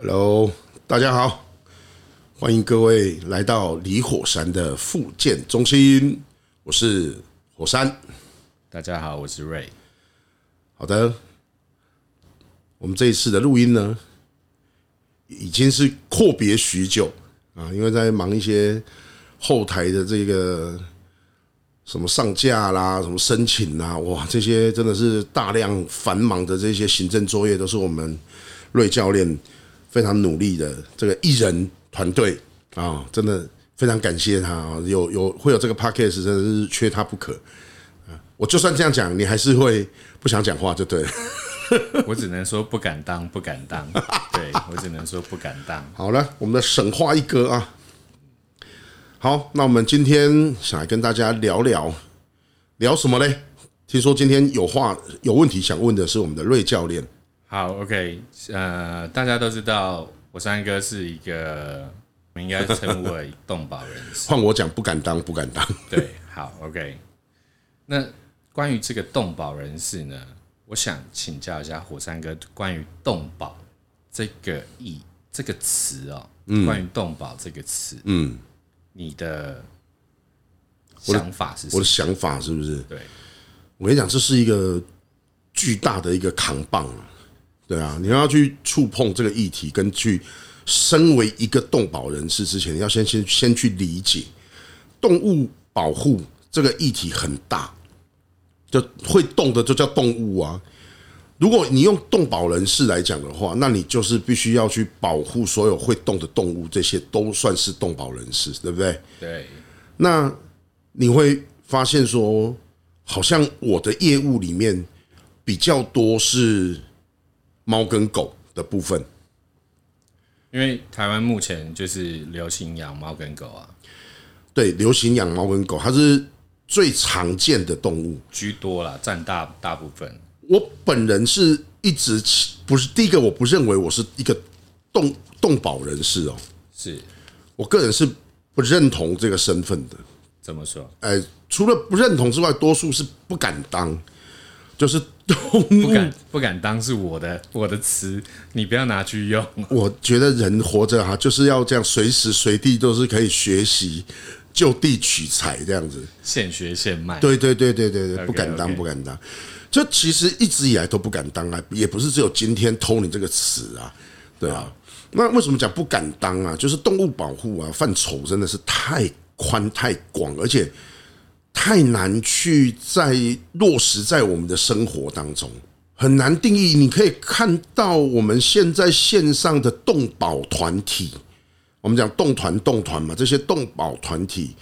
Hello，大家好，歡迎各位來到李火山的復健中心。我是火山，大家好，我是 Ray。好的，我們這一次的錄音呢，已經是闊別許久啊，因為在忙一些後台的這個什麼上架啦、什麼申請啦，哇，這些真的是大量繁忙的這些行政作業，都是我們瑞教練。非常努力的這個藝人團隊啊，真的非常感謝他、哦、有有會有這個 podcast，真的是缺他不可。我就算這樣講，你還是會不想講話，就對了。我只能說不敢當，不敢當。 對我只能說不敢當 好了，我們的神話一哥啊，好，那我們今天想來跟大家聊聊聊什麼嘞？聽說今天有話有問題想問的是我們的 Rey 教練。好，OK，呃，大家都知道，火山哥是一個，我們應該稱為動保人士。 換我講，不敢當，不敢當。對，好，OK。那關於這個動保人士呢，我想請教一下火山哥，關於動保這個意這個詞哦，嗯、關於動保這個詞，嗯，你的想法是什麼我？我的想法是不是對？對，我跟你講，這是一個巨大的一個扛棒對啊，你要去觸碰這個議題，跟去身為一個動保人士之前，要先先先去理解動物保護這個議題很大，就會動的就叫動物啊。如果你用動保人士來講的話，那你就是必須要去保護所有會動的動物，這些都算是動保人士，對不對？對。那你會發現說，好像我的業務裡面比較多是。貓跟狗的部分，因為台灣目前就是流行養貓跟狗啊，對，流行養貓跟狗，它是最常見的動物居多了，佔大大部分。我本人是一直不是第一個，我不認為我是一個動動保人士哦，是我個人是不認同這個身份的。怎麼說？哎，除了不認同之外，多數是不敢當，就是。都 不敢，不敢當是我的我的詞，你不要拿去用 我覺得人活着哈，就是要這樣，隨時隨地都是可以學習，就地取材這樣子，現學現賣。對對對對對對，對，不敢當。Okay, okay. 不敢當。就其實一直以來都不敢當啊，也不是只有今天偷你這個詞啊，對啊。那為什麼講不敢當啊？就是動物保護啊，範疇真的是太寬太廣，而且。太難去在落實在我們的生活當中，很難定義。你可以看到我們現在線上的動保團體，我們講動團動團嘛，這些動保團體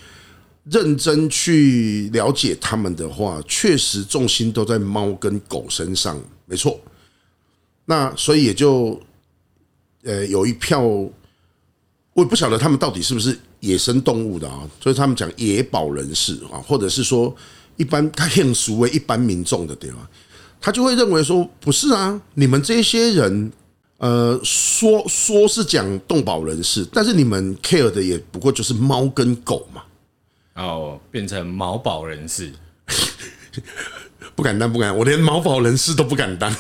認真去了解他們的話，確實重心都在貓跟狗身上，沒錯。那所以也就呃有一票，我也不曉得他們到底是不是。野生動物的啊，所以他們講野保人士啊，或者是說一般他很俗為一般民眾的地方，他就會認為說不是啊，你們這些人呃說說是講動保人士，但是你們 care 的也不過就是貓跟狗嘛，然後變成毛保人士。不敢當不敢，我連毛保人士都不敢當。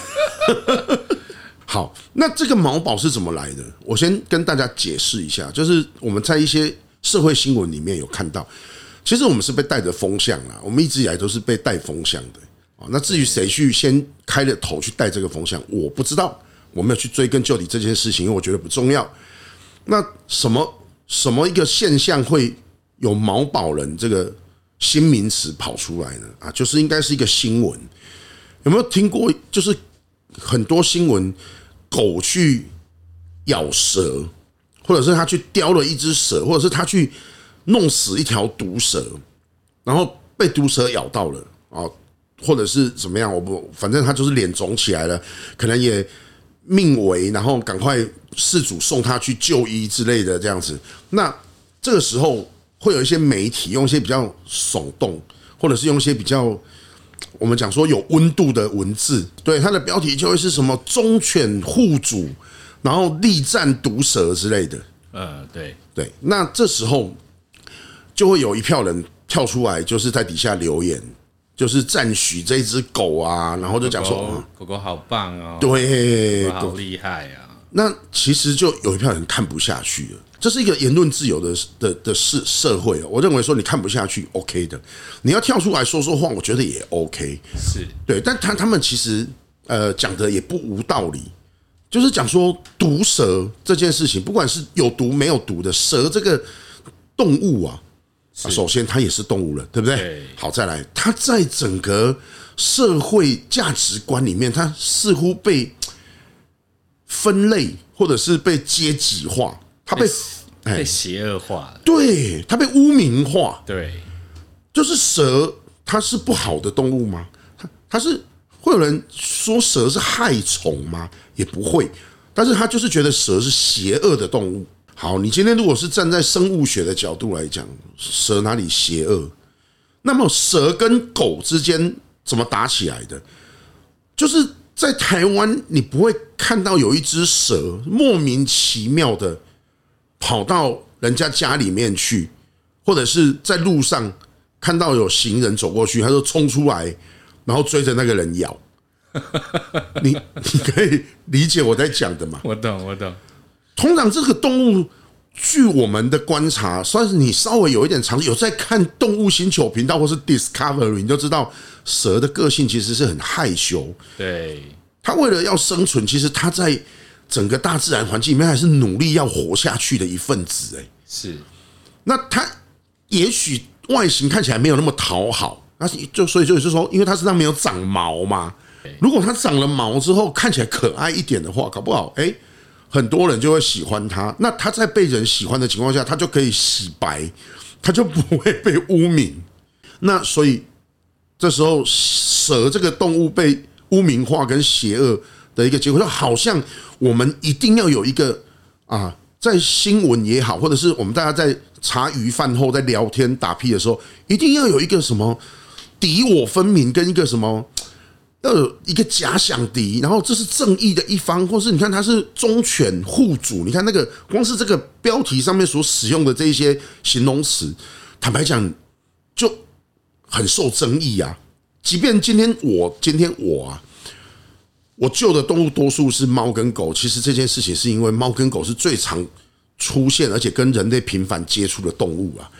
好，那這個毛保是怎麼來的？我先跟大家解釋一下，就是我們在一些，社會新聞裡面有看到，其實我們是被帶着風向啦。我們一直以來都是被帶風向的啊。那至於誰去先開了頭去帶這個風向，我不知道。我沒有去追根究底這件事情，因為我覺得不重要。那什麼什麼一個現象會有“毛寶人”這個新名詞跑出來呢？啊，就是應該是一個新聞。有沒有聽過？就是很多新聞狗去咬蛇。或者是他去叼了一隻蛇，或者是他去弄死一條毒蛇，然後被毒蛇咬到了啊，或者是怎麼樣？我不，反正他就是臉腫起來了，可能也命危。然後趕快事主送他去就醫之類的這樣子。那這個時候會有一些媒體用一些比較聳動，或者是用一些比較我們講說有溫度的文字，對他的標題就會是什麼“忠犬護主”。然後力戰毒蛇之類的，呃，對對。那這時候就會有一票人跳出來，就是在底下留言，就是讚許這只狗啊，然後就講說狗狗好棒哦，對，好厲害啊。那其實就有一票人看不下去了。這是一個言論自由的的的社社會，我認為說你看不下去，OK 的，你要跳出來說說話，我覺得也 OK。是對，但他他們其實呃講的也不無道理。就是講說毒蛇這件事情，不管是有毒沒有毒的蛇這個動物啊，首先它也是動物了，對不對？好，再來，它在整個社會價值觀裡面，它似乎被分類，或者是被階級化，它被被邪惡化，對，它被污名化，對，就是蛇，它是不好的動物嗎？它它是會有人說蛇是害蟲嗎？也不會，但是他就是覺得蛇是邪惡的動物。好，你今天如果是站在生物學的角度來講，蛇哪裡邪惡？那麼蛇跟狗之間怎麼打起來的？就是在台灣，你不會看到有一隻蛇莫名其妙的跑到人家家裡面去，或者是在路上看到有行人走過去，它就衝出來，然後追着那個人咬。你你可以理解我在講的嗎？我懂，我懂。通常這個動物，據我們的觀察，算是你稍微有一點常識，有在看《動物星球》頻道或是 Discovery，你就知道蛇的個性其實是很害羞。對，它為了要生存，其實它在整個大自然環境裡面，還是努力要活下去的一份子。哎，是。那它也許外形看起來沒有那麼討好，那就所以就是說，因為它身上沒有長毛嘛。如果它長了毛之後看起來可愛一點的話，搞不好哎，很多人就會喜歡它。那它在被人喜歡的情況下，它就可以洗白，它就不會被污名。那所以這時候蛇這個動物被污名化跟邪惡的一個結果，就好像我們一定要有一個啊，在新聞也好，或者是我們大家在茶餘飯後在聊天打屁的時候，一定要有一個什麼敵我分明跟一個什麼。一個假想敵，然後這是正義的一方，或是你看他是忠犬護主。你看那個光是這個標題上面所使用的這一些形容詞，坦白講就很受爭議啊。即便今天我今天我啊，我救的動物多數是貓跟狗，其實這件事情是因為貓跟狗是最常出現而且跟人類頻繁接觸的動物啊。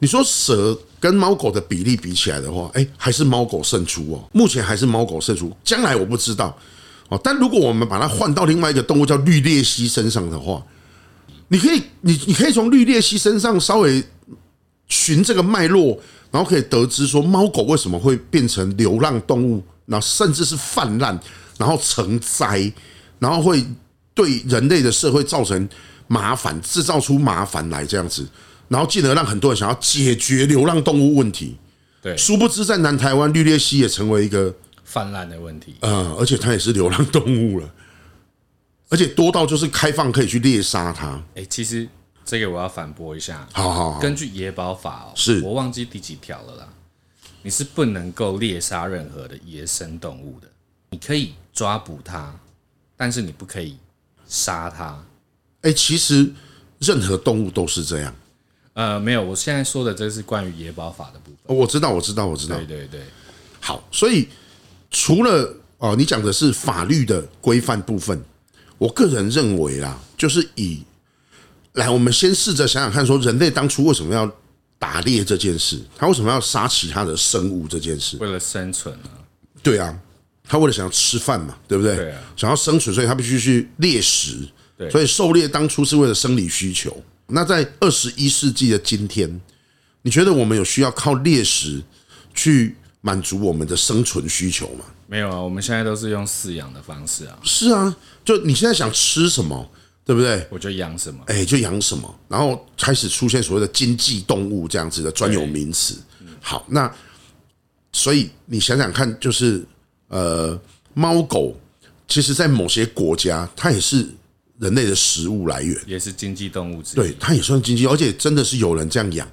你說蛇跟貓狗的比例比起來的話，誒，還是貓狗勝出哦。目前還是貓狗勝出，將來我不知道哦。但如果我們把它換到另外一個動物叫綠鬣蜥身上的話，你可以，你你可以從綠鬣蜥身上稍微循這個脈絡，然後可以得知說貓狗為什麼會變成流浪動物，然後甚至是泛濫，然後成災，然後會對人類的社會造成麻煩，制造出麻煩來這樣子。然後進而讓很多人想要解決流浪動物問題，對，殊不知在南台灣綠鬣蜥也成為一個泛濫的問題，嗯、呃，而且它也是流浪動物了，而且多到就是開放可以去獵殺它。哎，其實這個我要反駁一下，好，好好，根據野保法哦、喔，是我忘記第幾條了啦，你是不能夠獵殺任何的野生動物的，你可以抓捕它，但是你不可以殺它。欸，其實任何動物都是這樣。呃，沒有，我現在說的這是關於野保法的部分。我知道，我知道，我知道。對對對，好。所以除了哦、呃，你講的是法律的規範部分，我個人認為啦，就是以來，我們先試着想想看，說人類當初為什麼要打獵這件事，他為什麼要殺其他的生物這件事？為了生存啊。對啊，他為了想要吃飯嘛，對不對？對啊，想要生存，所以他必須去獵食。對，所以狩獵當初是為了生理需求。那在二十一世紀的今天，你覺得我們有需要靠獵食去滿足我們的生存需求嗎？沒有啊。我們現在都是用飼養的方式啊。是啊，就你現在想吃什麼，對不對？欸，我就養什麼，哎，就養什麼，然後開始出現所謂的經濟動物這樣子的專有名詞。好，那所以你想想看，就是呃，貓狗，其實，在某些國家，它也是。人類的食物來源也是經濟動物，對，它也算經濟，而且真的是有人這樣養。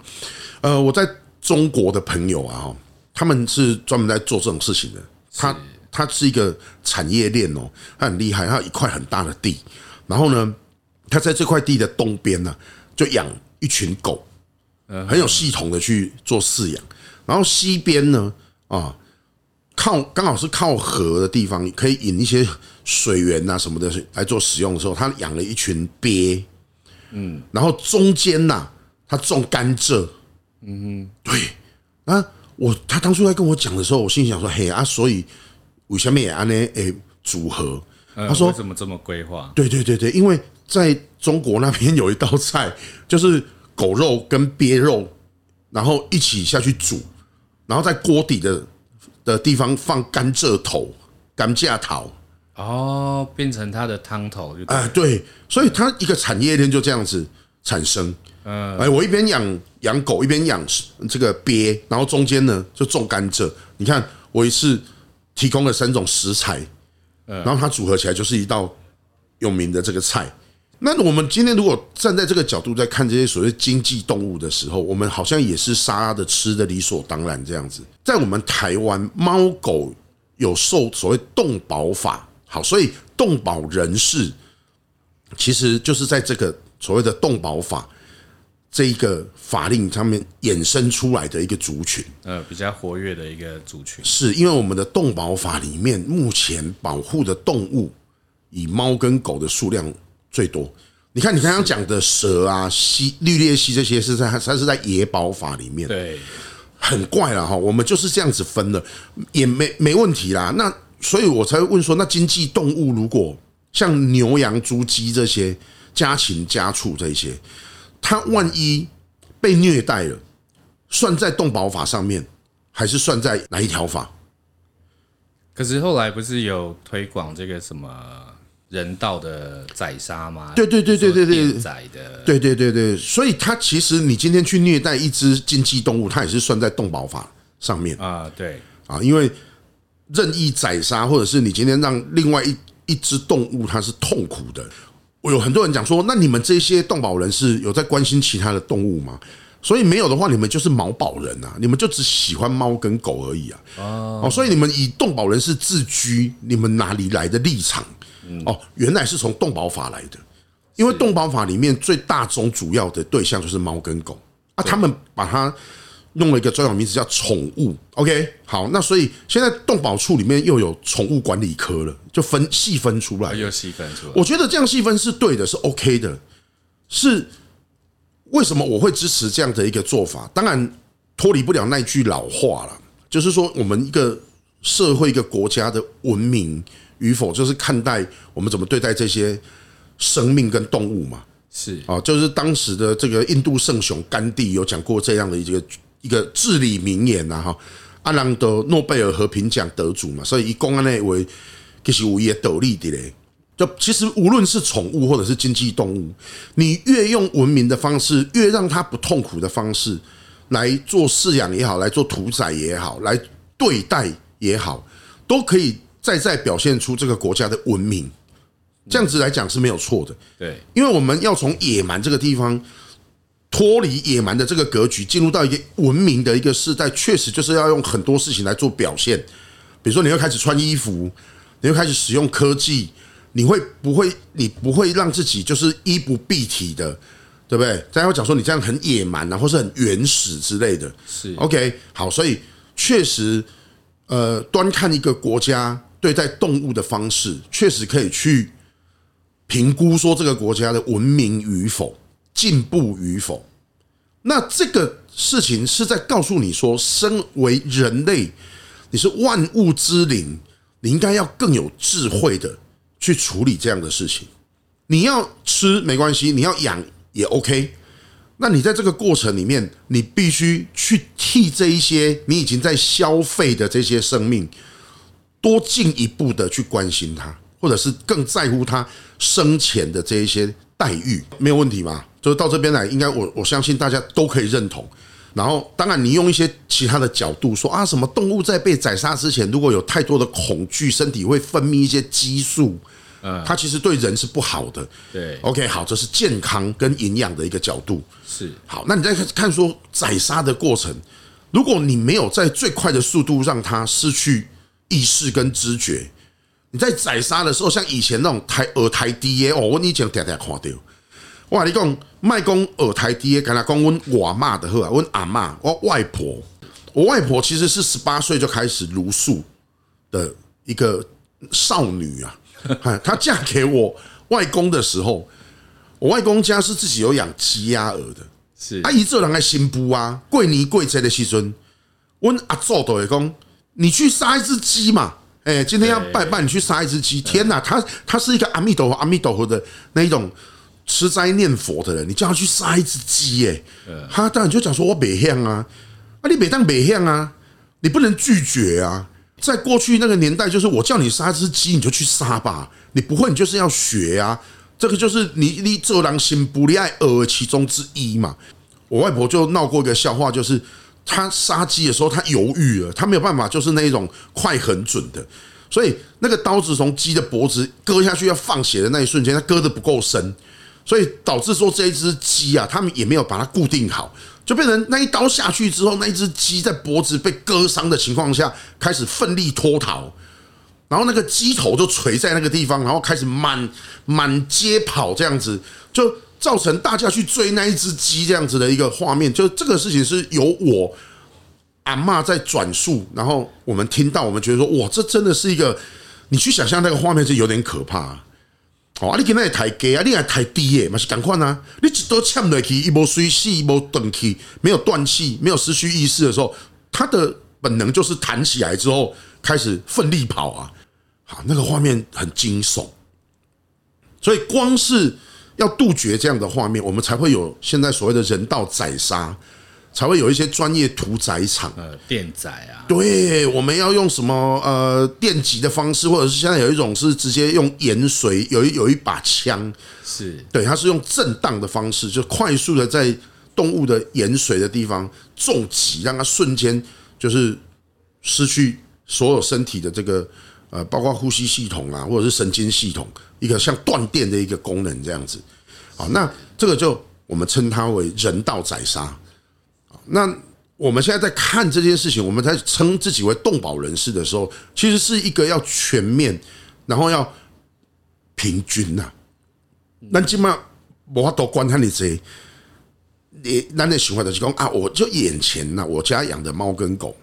呃，我在中國的朋友啊，他們是專門在做這種事情的。他他是一個產業鏈哦，他很厲害，他有一塊很大的地，然後呢，他在這塊地的東邊呢，就養一群狗，很有系統的去做飼養，然後西邊呢，啊。靠剛好是靠河的地方，可以引一些水源吶、啊、什麼的來做使用的時候，他養了一群鱉，嗯，然後中間吶、啊、他種甘蔗，嗯哼，對啊，我他當初在跟我講的時候，我心裡想說嘿啊，所以我下面也安呢，哎組合，他說怎麼這麼規劃？對對對對，因為在中國那邊有一道菜，就是狗肉跟鱉肉，然後一起下去煮，然後在鍋底的。的地方放甘蔗頭、甘蔗頭哦，變成它的湯頭就啊，對，所以它一個產業鏈就這樣子產生。嗯，我一邊養養狗，一邊養這個鱉，然後中間呢就種甘蔗。你看，我也是提供了三種食材，嗯，然後它組合起來就是一道有名的這個菜。那我們今天如果站在這個角度在看這些所謂經濟動物的時候，我們好像也是殺的吃的理所當然這樣子。在我們台灣，貓狗有受所謂動保法，好，所以動保人士其實就是在這個所謂的動保法這一個法令上面衍生出來的一個族群。呃，比較活躍的一個族群。是因為我們的動保法裡面目前保護的動物，以貓跟狗的數量最多，你看你剛剛講的蛇啊、蜥、綠鬣蜥這些，是在它是在野保法裡面？對，很怪了哈。我們就是這樣子分的，也沒沒問題啦。那所以我才會問說，那經濟動物如果像牛、羊、豬、雞這些家禽、家畜這些，它萬一被虐待了，算在動保法上面，還是算在哪一條法？可是後來不是有推廣這個什麼啊？人道的宰殺嗎？對對對對對對，宰的對對對對，對，所以他其實你今天去虐待一隻經濟動物，它也是算在動保法上面啊。對啊，因為任意宰殺，或者是你今天讓另外一一隻動物它是痛苦的。我有很多人講說，那你們這些動保人士有在關心其他的動物嗎？所以沒有的話，你們就是毛保人啊，你們就只喜歡貓跟狗而已啊。哦，所以你們以動保人士自居，你們哪裡來的立場？哦，原來是從動保法來的，因為動保法裡面最大宗主要的對象就是貓跟狗啊，他們把它弄了一個專有名詞叫寵物。OK，好，那所以現在動保處裡面又有寵物管理科了，就分細分出來，有細分出來。我覺得這樣細分是對的，是 OK 的。是為什麼我會支持這樣的一個做法？當然脫離不了那句老話了，就是說我們一個社會、一個國家的文明與否，就是看待我們怎麼對待這些生命跟動物嘛？是啊，就是當時的這個印度聖雄甘地有講過這樣的一個一個至理名言啊哈，阿朗的諾貝爾和平獎得主嘛，所以以公安內為，其實我也斗笠的嘞。就其實無論是寵物或者是經濟動物，你越用文明的方式，越讓它不痛苦的方式來做飼養也好，來做屠宰也好，來對待也好，都可以。在在表現出這個國家的文明，這樣子來講是沒有錯的。對，因為我們要從野蠻這個地方脫離野蠻的這個格局，進入到一個文明的一個時代，確實就是要用很多事情來做表現。比如說，你會開始穿衣服，你會開始使用科技，你會不會，你不會讓自己就是衣不蔽體的，對不對？大家會講說你這樣很野蠻啊，或是很原始之類的。是 OK，好，所以確實，呃，端看一個國家，對待動物的方式，確實可以去評估說這個國家的文明與否、進步與否。那這個事情是在告訴你說，身為人類，你是萬物之靈，你應該要更有智慧的去處理這樣的事情。你要吃沒關係，你要養也 OK。那你在這個過程裡面，你必須去替這一些你已經在消費的這些生命。多進一步的去關心他，或者是更在乎他生前的這一些待遇，沒有問題嗎？就是到這邊來，應該我我相信大家都可以認同。然後，當然你用一些其他的角度說啊，什麼動物在被宰殺之前，如果有太多的恐懼，身體會分泌一些激素，它其實對人是不好的。對，OK，好，這是健康跟營養的一個角度。是好，那你再看說宰殺的過程，如果你沒有在最快的速度讓它失去。意識跟知覺，你在宰殺的時候，像以前那種抬耳抬低耶哦，我以前天天看到，哇！你講外公耳抬低耶，敢那講我媽的話我阿媽，我,我外婆，我外婆其實是十八歲就開始茹素的一個少女啊，她嫁給我外公的時候，我外公家是自己有養雞鴨鵝的，是啊，伊做人個新婦啊，過年過節的時陣，我阿祖都會講。你去殺一隻雞嘛？誒，今天要拜拜，你去殺一隻雞。天哪，啊，他他是一個阿彌陀佛、阿彌陀佛的那一種持齋念佛的人，你叫他去殺一隻雞，誒，他當然就講說我沒向啊，啊，你每當沒向啊，你不能拒絕啊。在過去那個年代，就是我叫你殺隻雞，你就去殺吧。你不會，你就是要學啊。這個就是你你這狼心不立愛而其中之一嘛。我外婆就鬧過一個笑話，就是。他殺雞的時候，他猶豫了，他沒有辦法，就是那一種快狠準的，所以那個刀子從雞的脖子割下去要放血的那一瞬間，他割得不夠深，所以導致說這一隻雞啊，他們也沒有把它固定好，就變成那一刀下去之後，那一隻雞在脖子被割傷的情況下，開始奮力脫逃，然後那個雞頭就垂在那個地方，然後開始滿滿街跑這樣子就。造成大家去追那一隻雞這樣子的一個畫面，就這個事情是由我阿嬤在轉述，然後我們聽到，我們覺得說，哇，這真的是一個，你去想象那個畫面是有點可怕。好，你給那抬高啊，另外抬低耶，那是趕快啊！你只都嗆尾氣一波、啊，水氣一波，斷氣沒有斷氣，沒有失去意識的時候，他的本能就是彈起來之後開始奮力跑啊！好，那個畫面很驚悚，所以光是。要杜絕這樣的畫面，我們才會有現在所謂的人道宰殺，才會有一些專業屠宰場，呃，電宰啊，對，我們要用什麼呃電擊的方式，或者是現在有一種是直接用鹽水，有一有一把槍，是對，它是用震盪的方式，就快速的在動物的鹽水的地方重擊，讓它瞬間就是失去所有身體的這個呃，包括呼吸系統啊，或者是神經系統。一個像斷電的一個功能這樣子，啊，那這個就我們稱它為人道宰殺。啊，那我們現在在看這件事情，我們在稱自己為動保人士的時候，其實是一個要全面，然後要平均吶。那起碼無法觀多觀他你這，你那那喜歡的就講啊，我就眼前吶，我家養的貓跟狗。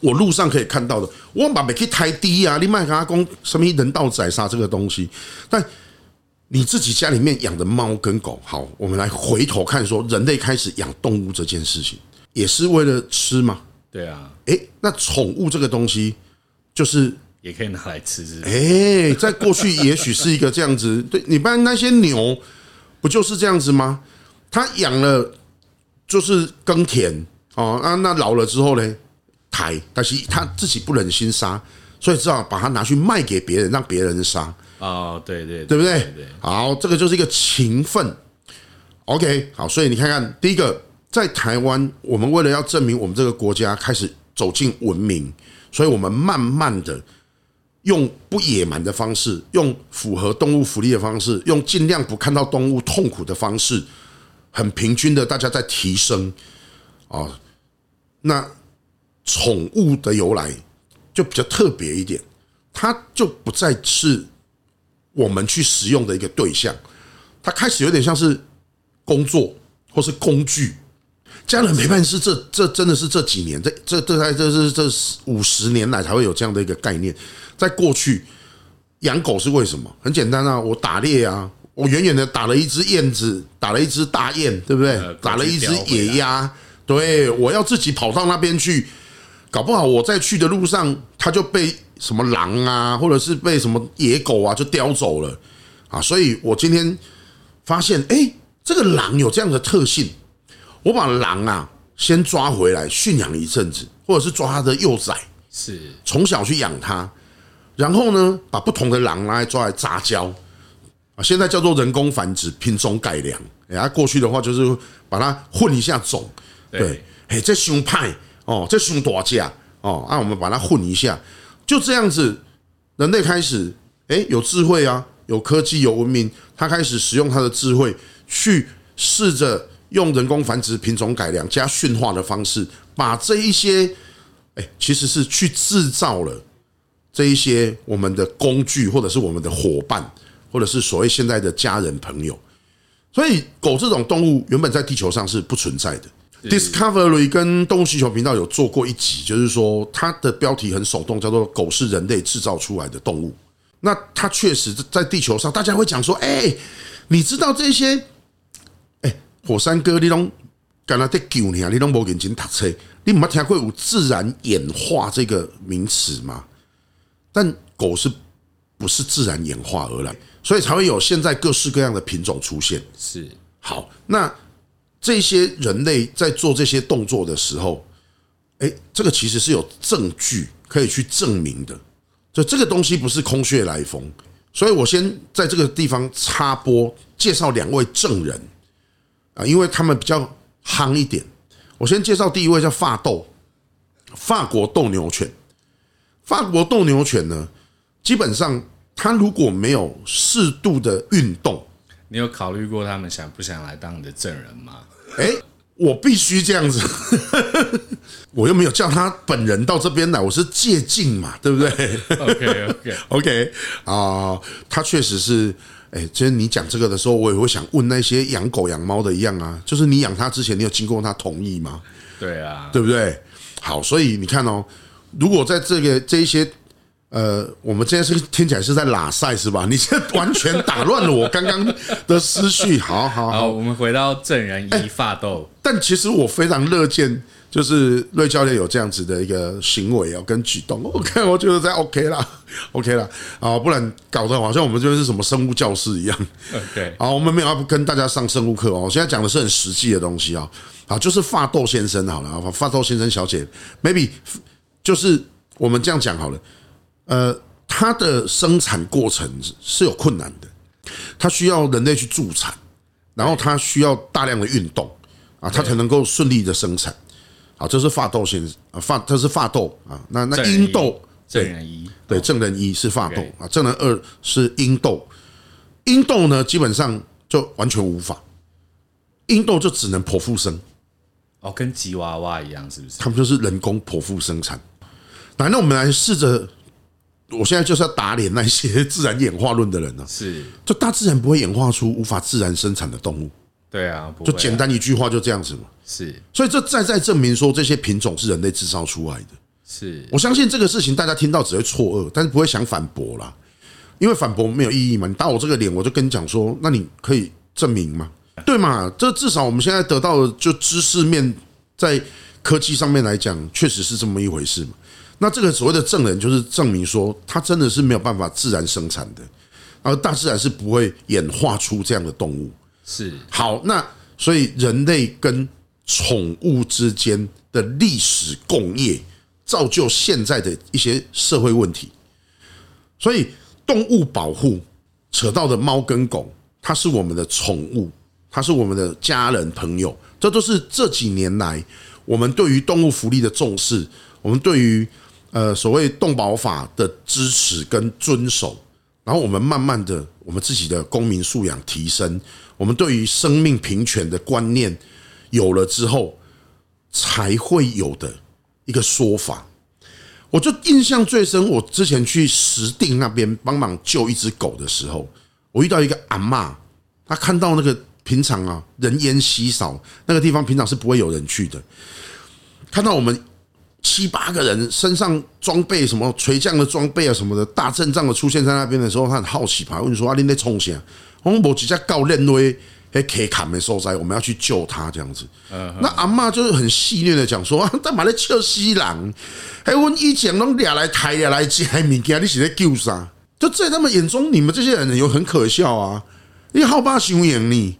我路上可以看到的，我把門檻抬低啊！你別跟我說什麼人道宰殺這個東西，但你自己家裡面養的貓跟狗，好，我們來回頭看，說人類開始養動物這件事情，也是為了吃嗎？對啊，哎，那寵物這個東西，就是也可以拿來吃。哎，在過去也許是一個這樣子，對，你不然那些牛不就是這樣子嗎？他養了就是耕田哦，啊，那老了之後咧？台，但是他自己不忍心殺，所以只好把它拿去賣給別人，讓別人殺。哦，對對，對，對不對？對。好，這個就是一個情分。OK，好，所以你看看，第一個，在台灣，我們為了要證明我們這個國家開始走進文明，所以我們慢慢的用不野蠻的方式，用符合動物福利的方式，用盡量不看到動物痛苦的方式，很平均的，大家在提升。哦，那。寵物的由來就比較特別一點，它就不再是我們去使用的一個對象，它開始有點像是工作或是工具。家人陪伴是這這真的是這幾年這這這才這是這五十年來才會有這樣的一個概念。在過去養狗是為什麼？很簡單啊，我打獵啊，我遠遠的打了一隻燕子，打了一隻大雁，對不對？打了一隻野鴨，對，我要自己跑到那邊去，搞不好我在去的路上，他就被什麼狼啊，或者是被什麼野狗啊，就叼走了啊！所以我今天發現，哎，這個狼有這樣的特性，我把狼啊先抓回來馴養一陣子，或者是抓它的幼崽，是從小去養它，然後呢，把不同的狼拿來抓來雜交啊，現在叫做人工繁殖、品種改良。哎，過去的話就是把它混一下種，對，哎，這兇派。哦，這是種打架哦，那我們把它混一下，就這樣子，人類開始哎，有智慧啊，有科技，有文明，他開始使用他的智慧，去試着用人工繁殖、品種改良，加馴化的方式，把這一些哎，其實是去製造了這一些我們的工具，或者是我們的夥伴，或者是所謂現在的家人朋友。所以，狗這種動物原本在地球上是不存在的。Discovery 跟動物星球頻道有做過一集，就是說它的標題很聳動，叫做“狗是人類制造出來的動物”。那它確實在地球上，大家會講說：“哎，你知道這些？哎，火山哥，你攏敢來再叫你啊？你攏無認真讀冊，你冇聽過有自然演化這個名詞嗎？”但狗是不是自然演化而來？所以才會有現在各式各樣的品種出現。是好，那。這些人類在做這些動作的時候，欸，這個其實是有證據可以去證明的，就這個東西不是空穴來風。所以我先在這個地方插播介紹兩位證人啊，因為他們比較夯一點。我先介紹第一位叫法鬥，法國鬥牛犬。法國鬥牛犬呢，基本上它如果沒有適度的運動，你有考慮過他們想不想來當你的證人嗎？哎、欸，我必須這樣子，我又沒有叫他本人到這邊來，我是借鏡嘛，對不對？OK OK OK 啊、呃，他確實是，哎，其實你講這個的時候，我也會想問那些養狗養貓的一樣啊，就是你養它之前，你有經過他同意嗎？對啊，對不對？好，所以你看哦，如果在這個這一些。呃，我們今天是聽起來是在拉賽是吧？你這完全打亂了我剛剛的思緒。好好好，我們回到證人一發豆。但其實我非常樂見，就是 Rey 教練有這樣子的一個行為哦，跟舉動，OK，我覺得在 OK 啦，OK 啦，啊，不然搞得好像我們這邊是什麼生物教室一樣。OK，啊，我們沒有要跟大家上生物課哦，現在講的是很實際的東西啊，啊，就是發豆先生好了，發豆先生小姐，maybe 就是我們這樣講好了。呃，它的生產過程是有困難的，它需要人類去助產，然後它需要大量的運動啊，它才能夠順利的生產。啊，這是法鬥先啊，法這是法鬥啊，那那英鬥正人一，對，對正人一是法鬥啊，okay，正人二是英鬥，okay。英鬥呢，基本上就完全無法，英鬥就只能剖腹生。哦，跟吉娃娃一樣，是不是？他們就是人工剖腹生產。來，那我們來試着。我現在就是要打臉那些自然演化論的人呢，是，就大自然不會演化出無法自然生產的動物，對啊，就簡單一句話就這樣子嘛，是，所以這再再證明說這些品種是人類製造出來的，是，我相信這個事情大家聽到只會錯愕，但是不會想反駁啦，因為反駁沒有意義嘛，你打我這個臉，我就跟你講說，那你可以證明嘛。對嘛，這至少我們現在得到的就知識面在科技上面來講，確實是這麼一回事嘛。那這個所謂的證人，就是證明說，它真的是沒有辦法自然生產的，而大自然是不會演化出這樣的動物。是好，那所以人類跟寵物之間的歷史共業，造就現在的一些社會問題。所以動物保護扯到的貓跟狗，它是我們的寵物，它是我們的家人朋友，這都是這幾年來我們對於動物福利的重視，我們對於呃，所謂動保法的支持跟遵守，然後我們慢慢的，我們自己的公民素養提升，我們對於生命平權的觀念有了之後，才會有的一個說法。我就印象最深，我之前去石碇那邊幫忙救一隻狗的時候，我遇到一個阿嬤，她看到那個平常啊，人煙稀少，那個地方平常是不會有人去的，看到我們。七八個人身上裝備什麼垂降的裝備啊什麼的，大陣仗的出現在那邊的時候，他很好奇吧？問說啊你們在衝線，洪博直接告認為哎，K 卡沒受傷，我們要去救他這樣子。那阿媽就是很戲謔的講說啊，在馬來，來西蘭，哎，我一講儂倆來抬，倆來接，還物件，你是在救啥？就在他們眼中，你們這些人有很可笑啊！你好吧，修養呢？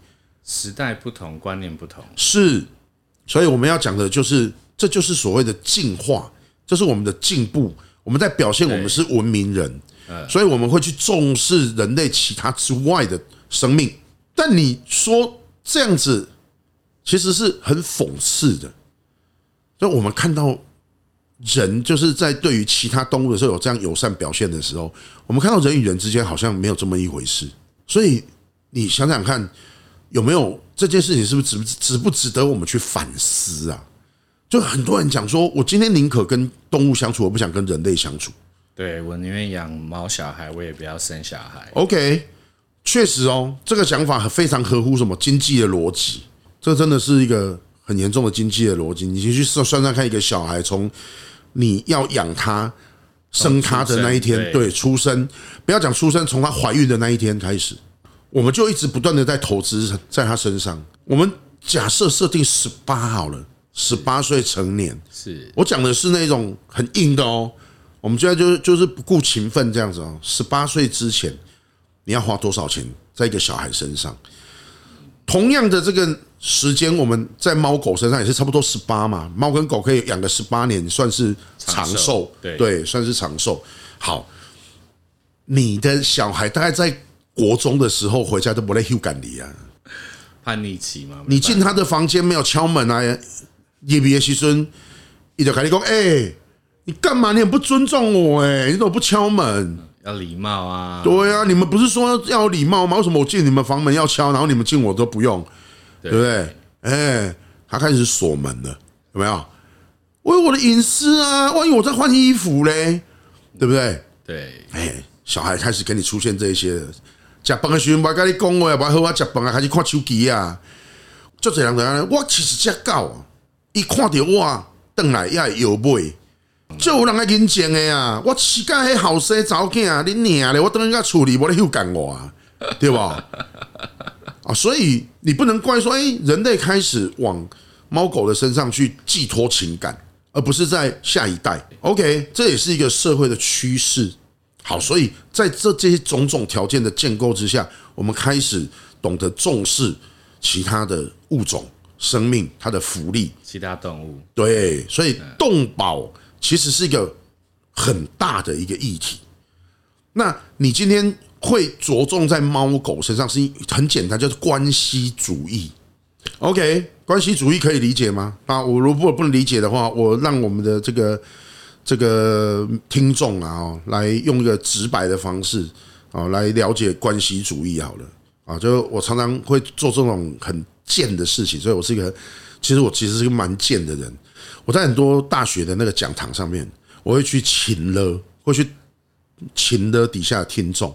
時代不同，觀念不同，是，所以我們要講的就是。這就是所謂的進化，這是我們的進步。我們在表現我們是文明人，所以我們會去重視人類其他之外的生命。但你說這樣子，其實是很諷刺的。所以，我們看到人就是在對於其他動物的時候有這樣友善表現的時候，我們看到人與人之間好像沒有這麼一回事。所以，你想想看，有沒有這件事情，是不是值不值，不值得我們去反思啊？就很多人講說，我今天寧可跟動物相處，我不想跟人類相處，OK。對，我寧願養貓小孩，我也不要生小孩。OK，確實哦，這個想法非常合乎什麼經濟的邏輯。這真的是一個很嚴重的經濟的邏輯。你先去算算算看，一個小孩從你要養他、生他的那一天，對，對，出生，不要講出生，從他懷孕的那一天開始，我們就一直不斷的在投資在他身上。我們假設設定十八好了。十八歲成年，是我講的是那種很硬的哦、喔。我們現在就是就是不顧情分這樣子哦。十八歲之前，你要花多少錢在一個小孩身上？同樣的這個時間，我們在貓狗身上也是差不多十八嘛。貓跟狗可以養個十八年，算是長壽，對，算是長壽。好，你的小孩大概在國中的時候回家都不在休感裡啊？叛逆期嘛，你進他的房間沒有敲門啊？也別犧牲，他就跟你講，哎，你幹嘛？你很不尊重我哎，欸！你怎麼不敲門？要禮貌啊！對啊，你們不是說要禮貌嗎？為什麼我進你們房門要敲，然後你們進我都不用，對不對？哎，他開始鎖門了，有沒有？我有我的隱私啊！萬一我在換衣服嘞，對不對？對，哎，小孩開始跟你出現這一些，吃飯的時候不要跟你講話，不要好啊，吃飯啊，開始看手機啊，就這樣的講，我其實只狗。一看到我，鄧來也會搖尾，就有人跟你講的呀！啊、我乞丐，還好生早鏡，你娘的，我當然家處理，我然又干我啊，對吧？啊，所以你不能怪說，哎，人類開始往貓狗的身上去寄托情感，而不是在下一代。OK，這也是一個社會的趨勢。好，所以在這這些種種條件的建構之下，我們開始懂得重視其他的物種。生命它的福利，其他動物。對，所以動保其實是一個很大的一個議題。那你今天會着重在貓狗身上，是很簡單，就是關係主義。OK，關係主義可以理解嗎？啊，我如果不能理解的話，我讓我們的這個這個聽眾啊，來用一個直白的方式啊，來了解關係主義好了。啊，就我常常會做這種很賤的事情，所以我是一個，其實我其實是一個蠻賤的人。我在很多大學的那個講堂上面，我會去請了，會去請了底下的聽眾，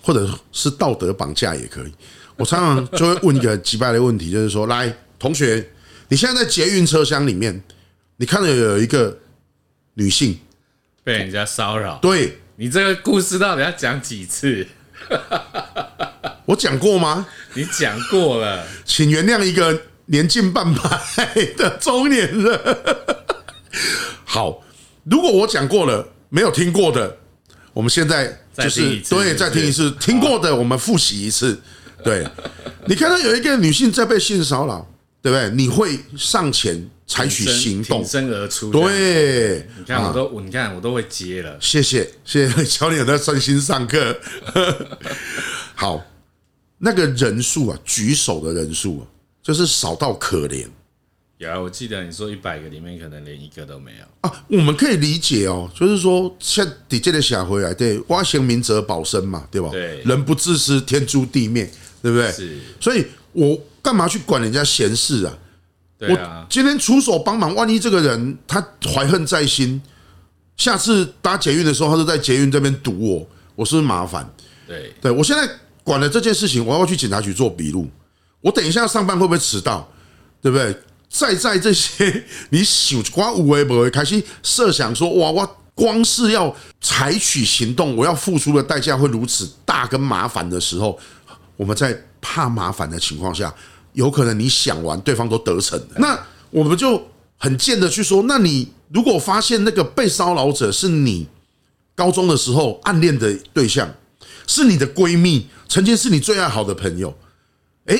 或者是道德綁架也可以。我常常就會問一個很奇怪的問題，就是說：來，同學，你現在在捷運車廂裡面，你看到有一個女性被人家騷擾，對你這個故事到底要講幾次？我講過嗎？你講過了，請原諒一個年近半百的中年人。好，如果我講過了，沒有聽過的，我們現在就是對，再聽一次。聽、聽過的，我們複習一次。對，你看到有一個女性在被性騷擾，對不對？你會上前採取行動，挺身而出。對，你看我都、啊，你看我都會接了。謝謝，謝謝教練有在專心上課。好。那個人數啊，舉手的人數啊，就是少到可憐。有啊，我記得你說一百個裡面可能連一個都沒有啊。我們可以理解哦，就是說像底這的想回來，對，挖行，明哲保身嘛，對吧？對，人不自私，天誅地滅，對不對？是。所以我幹嘛去管人家閒事啊？對，今天出手幫忙，萬一這個人他懷恨在心，下次搭捷運的時候，他就在捷運這邊堵我，我是不是麻煩？對，對我現在。管了這件事情，我要不要去警察局做筆錄？我等一下要上班會不會遲到？對不對？再在這些，你想我會不會開心設想說，哇，我光是要採取行動，我要付出的代價會如此大跟麻煩的時候，我們在怕麻煩的情況下，有可能你想完對方都得逞。那我們就很賤的去說，那你如果發現那個被騷擾者是你高中的時候暗戀的對象，是你的閨蜜。曾經是你最要好的朋友，哎，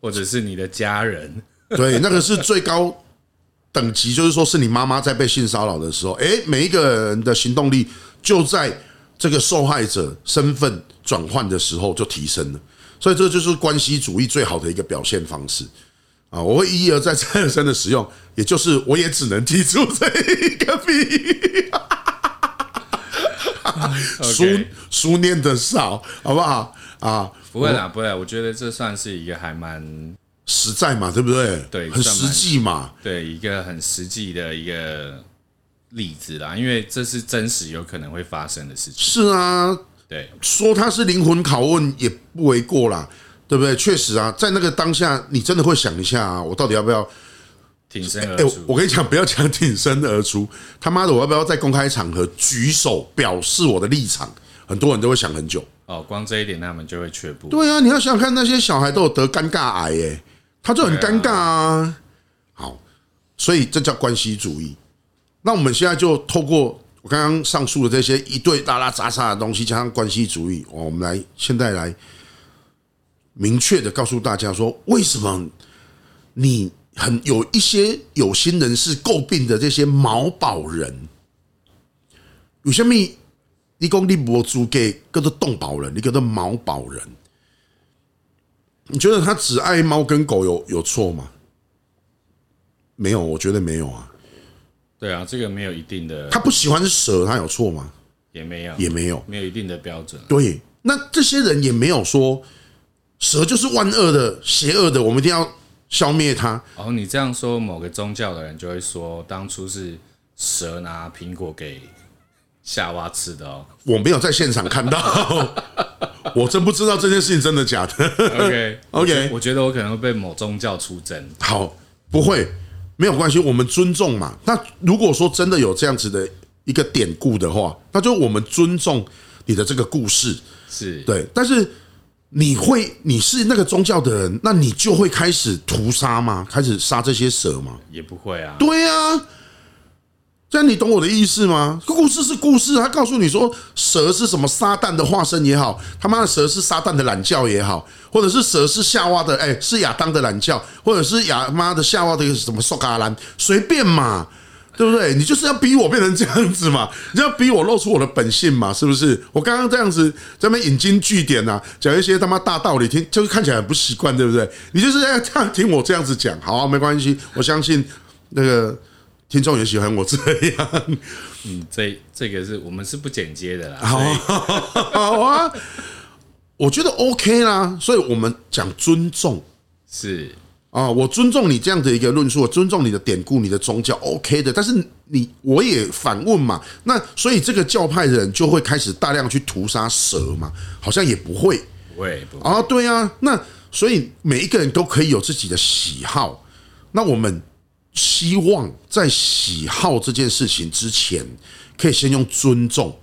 或者是你的家人，對，那個是最高等級。就是說，是你媽媽在被性騷擾的時候，哎，每一個人的行動力就在這個受害者身份轉換的時候就提升了。所以，這就是關係主義最好的一個表現方式啊！我會一而再，再而三的使用，也就是我也只能提出這一個比喻，書念得少，好不好？啊，不會啦，不會。我覺得這算是一個還蠻實在嘛，對不對？對，很實際嘛。對，一個很實際的一個例子啦，因為這是真實有可能會發生的事情。是啊，對，說它是靈魂拷問也不為過啦，對不對？確實啊，在那個當下，你真的會想一下啊，我到底要不要挺身而出，欸？我跟你講，不要講挺身而出，他媽的，我要不要在公開場合舉手表示我的立場？很多人都會想很久。哦，光這一點，他們就會卻步。對啊，你要想想看，那些小孩都有得尷尬癌耶，他就很尷尬啊。好，所以這叫關係主義。那我們現在就透過我剛剛上述的這些一堆拉拉雜雜的東西，加上關係主義，我們來現在來明確的告訴大家說，為什麼你很有一些有心人士詬病的這些毛寶人有些你講你佛祖，給各種動保人，你給的貓保人，你覺得他只愛貓跟狗有有錯嗎？沒有，我覺得沒有啊。對啊，這個沒有一定的。他不喜歡是蛇，他有錯嗎？也沒有，也沒有，沒有一定的標準啊。對，那這些人也沒有說蛇就是萬惡的、邪惡的，我們一定要消滅它。哦，你這樣說，某個宗教的人就會說，當初是蛇拿蘋果給。夏娃吃的哦，我沒有在現場看到，我真不知道這件事情真的假的。 OK OK，我覺得我可能會被某宗教出征。好，不會，沒有關係，我們尊重嘛。那如果說真的有這樣子的一個典故的話，那就我們尊重你的這個故事是對。但是你會，你是那個宗教的人，那你就會開始屠殺嗎？開始殺這些蛇嗎？也不會啊。對啊。這樣你懂我的意思嗎？故事是故事，他告訴你說蛇是什麼撒旦的化身也好，他媽的蛇是撒旦的懶覺也好，或者是蛇是夏娃的，誒，是亞當的懶覺，或者是亞媽的夏娃的什麼蘇格蘭，隨便嘛，對不對？你就是要逼我變成這樣子嘛，你就要逼我露出我的本性嘛，是不是？我剛剛這樣子在那邊引經據典啊，講一些他媽大道理，聽就是看起來很不習慣，對不對？你就是要這樣聽我這樣子講，好啊，沒關係，我相信那個。聽眾也喜歡我這樣，嗯，這這個是我們是不剪接的啦，好啊，好啊，我覺得 OK 啦，所以我們講尊重是啊，我尊重你這樣的一個論述，我尊重你的典故，你的宗教 OK 的，但是你我也反問嘛，那所以這個教派的人就會開始大量去屠殺蛇嘛，好像也不會，不會啊，對啊，那所以每一個人都可以有自己的喜好，那我們。希望在喜好這件事情之前，可以先用尊重，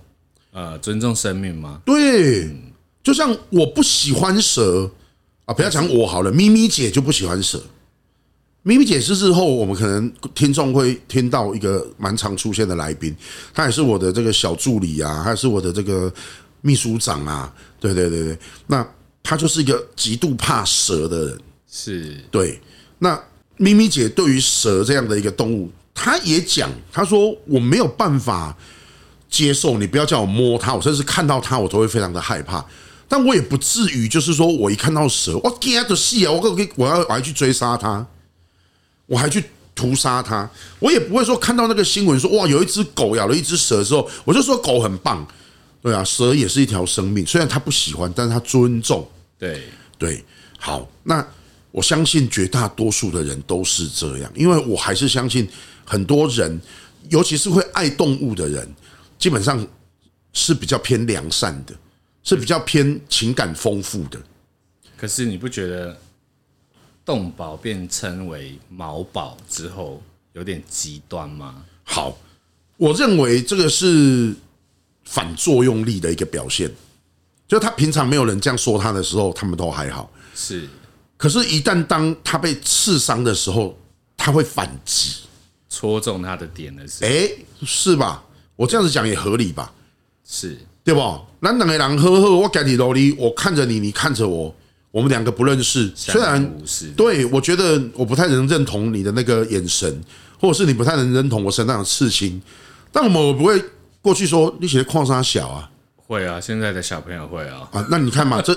啊。尊重生命嗎？對，就像我不喜歡蛇啊，不要講我好了，咪咪姐就不喜歡蛇。咪咪姐是日後我們可能聽眾會聽到一個蠻常出現的來賓，他也是我的這個小助理啊，他也是我的這個秘書長啊，對對對對，那他就是一個極度怕蛇的人，是對那。咪咪姐對於蛇這樣的一個動物，她也講，她說，我沒有辦法接受，你不要叫我摸它，我甚至看到它，我都會非常的害怕。但我也不至於就是說我一看到蛇，我嚇得死啊！我可不可以？我要我還去追殺它，我還去屠殺它，我也不會說看到那個新聞說，哇有一隻狗咬了一隻蛇之後，我就說狗很棒，對啊，蛇也是一條生命，雖然它不喜歡，但是它尊重，對對，好那。我相信絕大多數的人都是這樣，因為我還是相信很多人，尤其是會愛動物的人，基本上是比較偏良善的，是比較偏情感豐富的。可是你不覺得動保變成為毛寶之後有點極端嗎？好，我認為這個是反作用力的一個表現，就他平常沒有人這樣說他的時候，他們都還好。是。可是，一旦當他被刺傷的時候，他會反擊，戳中他的點的是？欸，是吧？我這樣子講也合理吧？是對吧？那兩個人呵呵，我看着你，你看着我，我們兩個不認識，雖然對，我覺得我不太能認同你的那個眼神，或者是你不太能認同我身上的刺青，但我們不會過去說你寫的礦山小啊。會啊，現在的小朋友會啊啊，那你看嘛，這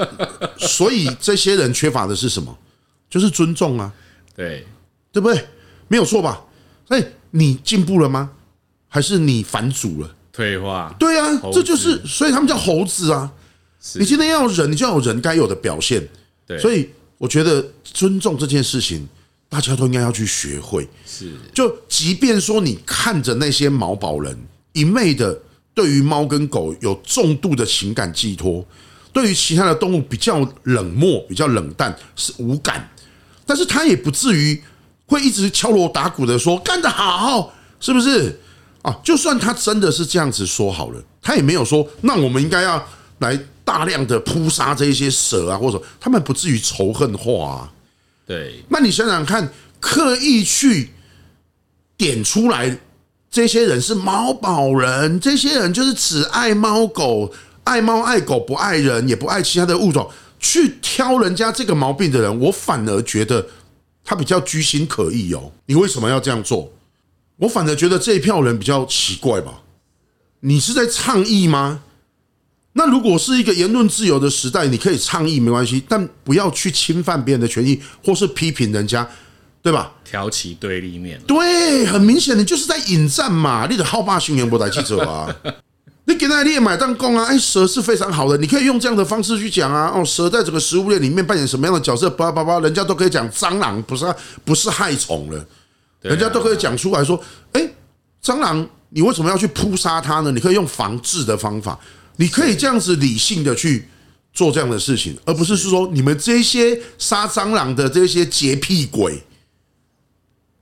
所以這些人缺乏的是什麼？就是尊重啊，對，對不對？沒有錯吧？哎，你進步了嗎？還是你返祖了？退化？對啊，這就是所以他們叫猴子啊！你今天要人，你就要有人該有的表現。對，所以我覺得尊重這件事情，大家都應該要去學會。是，就即便說你看着那些毛寶人一昧的。對於貓跟狗有重度的情感寄托，對於其他的動物比較冷漠，比較冷淡，是無感。但是他也不至於會一直敲鑼打鼓的說幹得好，哦，是不是？啊，就算他真的是這樣子說好了，他也沒有說那我們應該要來大量的撲殺這些蛇啊，或者他們不至於仇恨化。對，那你想想看，刻意去點出來。這些人是貓寶人。這些人就是只愛貓狗，愛貓愛狗不愛人，也不愛其他的物種。去挑人家這個毛病的人，我反而覺得他比較居心可疑哦。你為什麼要這樣做？我反而覺得這一票人比較奇怪吧。你是在倡議嗎？那如果是一個言論自由的時代，你可以倡議沒關係，但不要去侵犯別人的權益，或是批評人家，對吧？挑起對立面，對，很明顯你就是在引戰嘛！你的好霸性演播台記者啊， 你給那你也買單供啊！哎，蛇是非常好的，你可以用這樣的方式去講啊。哦，蛇在整個食物鏈裡面扮演什麼樣的角色？叭叭叭，人家都可以講，蟑螂不是不是害蟲了，啊，人家都可以講出來說，哎、欸，蟑螂你為什麼要去撲殺它呢？你可以用防治的方法，你可以這樣子理性的去做這樣的事情，而不是說你們這些殺蟑螂的這些潔癖鬼。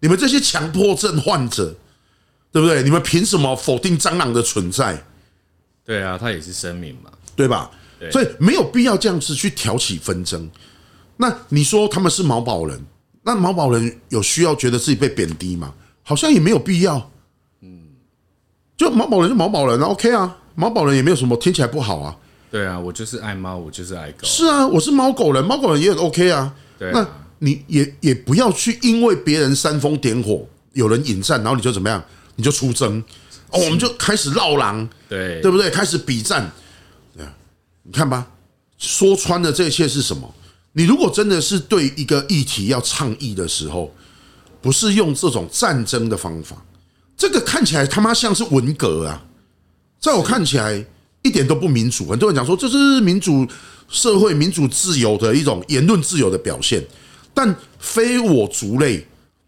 你們這些強迫症患者，對不對？你們憑什麼否定蟑螂的存在？對啊，它也是生命嘛，對吧？對，所以沒有必要這樣子去挑起紛爭。那你說他們是毛寶人，那毛寶人有需要覺得自己被貶低嗎？好像也沒有必要。嗯，就毛寶人是毛寶人啊，OK 啊，毛寶人也沒有什麼聽起來不好啊。對啊，我就是愛貓，我就是愛狗。是啊，我是貓狗人，貓狗人也很 OK 啊。對啊，那。你也也不要去因為別人煽風點火，有人引戰，然後你就怎麼樣？你就出征哦，我們就開始烙人，對對不對？開始筆戰，對你看吧，說穿了這一切是什麼？你如果真的是對一個議題要倡議的時候，不是用這種戰爭的方法，這個看起來他媽像是文革啊，在我看起來一點都不民主。很多人講說這是民主社會、民主自由的一種言論自由的表現。但非我族類，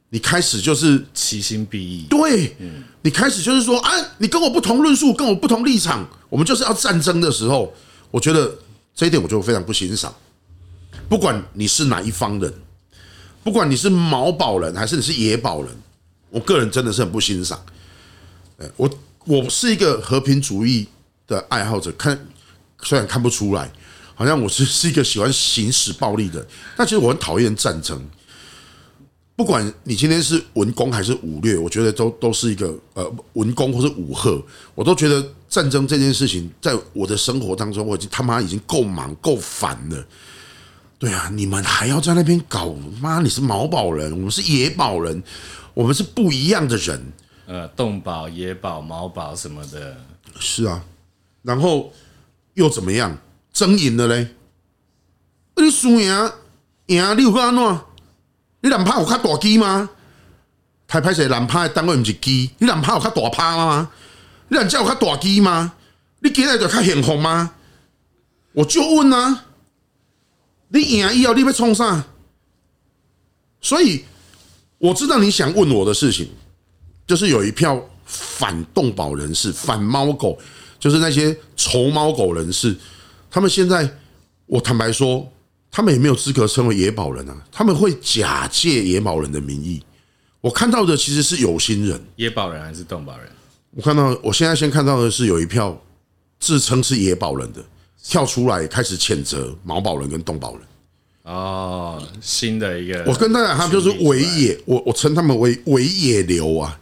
你開始就是其心必異。對，你開始就是說啊，你跟我不同論述，跟我不同立場，我們就是要戰爭的時候，我覺得這一點我就非常不欣賞。不管你是哪一方人，不管你是毛保人還是你是野保人，我個人真的是很不欣賞。我我是一個和平主義的愛好者，看雖然看不出來。好像我是是一個喜歡行使暴力的。但其實我很討厭戰爭。不管你今天是文攻還是武略，我覺得都都是一個呃文攻或是武嚇。我都覺得戰爭這件事情在我的生活當中，我已經他媽已經夠忙夠煩了。對啊，你們還要在那邊搞？媽，你是毛保人，我們是野保人，我們是不一樣的人。呃，動保、野保、毛保什麼的，是啊。然後又怎麼樣？真贏了嘞！你輸贏贏，你有安怎？你哪怕有卡大雞嗎？拍拍誰哪怕？單位唔是雞？你哪怕有卡大趴嗎？你哪怕有卡大雞嗎？你今日就卡幸福嗎？我就問吶、啊！你贏以後你要創啥？所以我知道你想問我的事情，就是有一票反動保人士、反貓狗，就是那些仇貓狗人士。他們現在，我坦白說，他們也沒有資格稱為野保人啊。他們會假借野保人的名義，我看到的其實是有心人。野保人還是動保人？我看到，我現在先看到的是有一票自稱是野保人的跳出來，開始譴責毛保人跟動保人。哦，新的一個，我跟大家講，他們就是偽野，我我稱他們為偽野流啊。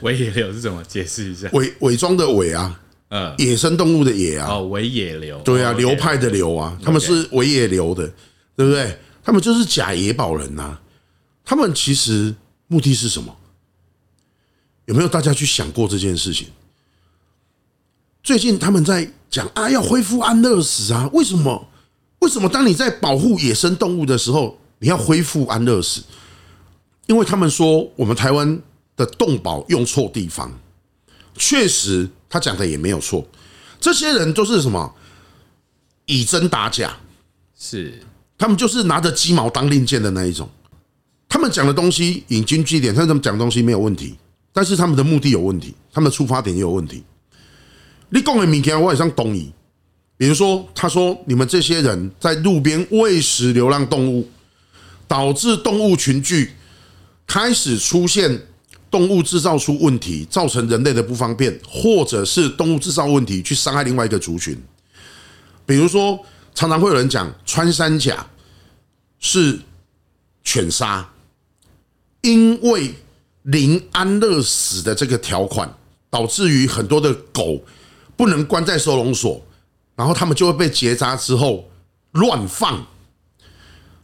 偽野流是怎麼解釋一下？偽偽裝的偽啊。嗯、野生動物的野啊，哦，偽野流對啊，流派的流啊，他們是偽野流的，對不對？他們就是假野保人吶、啊。他們其實目的是什麼？有沒有大家去想過這件事情？最近他們在講啊，要恢復安樂死啊？為什麼？為什麼當你在保護野生動物的時候，你要恢復安樂死？因為他們說，我們台灣的動保用錯地方，確實。他講的也沒有錯，這些人就是什麼以真打假，是他們就是拿着雞毛當令箭的那一種。他們講的東西引經據典，他們講的東西沒有問題，但是他們的目的有問題，他們的出發點也有問題。你講了明天，我也像懂你。比如說，他說你們這些人在路邊餵食流浪動物，導致動物群聚開始出現。動物制造出問題，造成人類的不方便，或者是動物制造問題去傷害另外一個族群。比如說，常常會有人講穿山甲是犬殺，因為零安樂死的這個條款，導致於很多的狗不能關在收容所，然後他們就會被結扎之後亂放，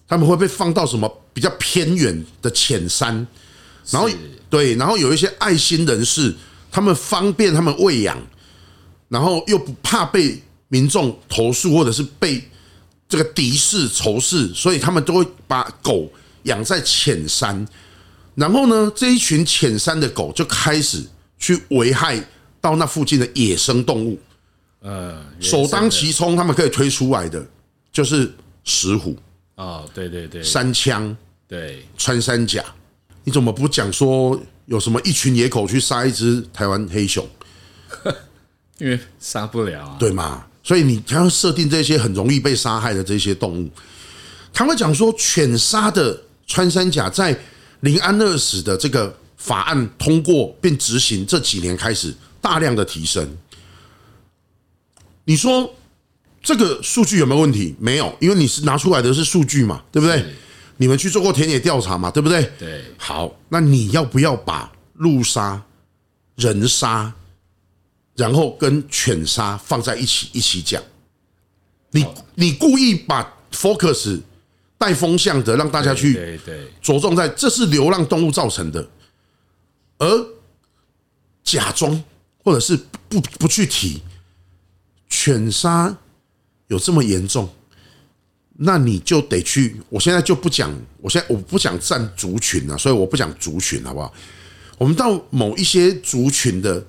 他們會被放到什麼比較偏遠的淺山。然後對，然後有一些愛心人士，他們方便他們餵養，然後又不怕被民眾投訴或者是被這個敵視仇視，所以他們都會把狗養在淺山。然後呢，這一群淺山的狗就開始去危害到那附近的野生動物。呃，首當其衝，他們可以推出來的就是石虎。啊，對對對，山羌，對穿山甲。你怎麼不講說有什麼一群野狗去殺一隻台灣黑熊？因為殺不了啊，對嘛？所以你還要設定這些很容易被殺害的這些動物，他會講說，犬殺的穿山甲在零安樂死的這個法案通過並執行這幾年開始大量的提升。你說這個數據有沒有問題？沒有，因為你是拿出來的是數據嘛，對不對？你們去做過田野調查嗎？對不對？對。好，那你要不要把路殺、人殺，然後跟犬殺放在一起一起講？你你故意把 focus 帶風向的，讓大家去着重在這是流浪動物造成的，而假裝或者是不不去提犬殺有這麼嚴重。那你就得去，我現在就不講，我現在我不想站族群啊，所以我不講族群，好不好？我們到某一些族群的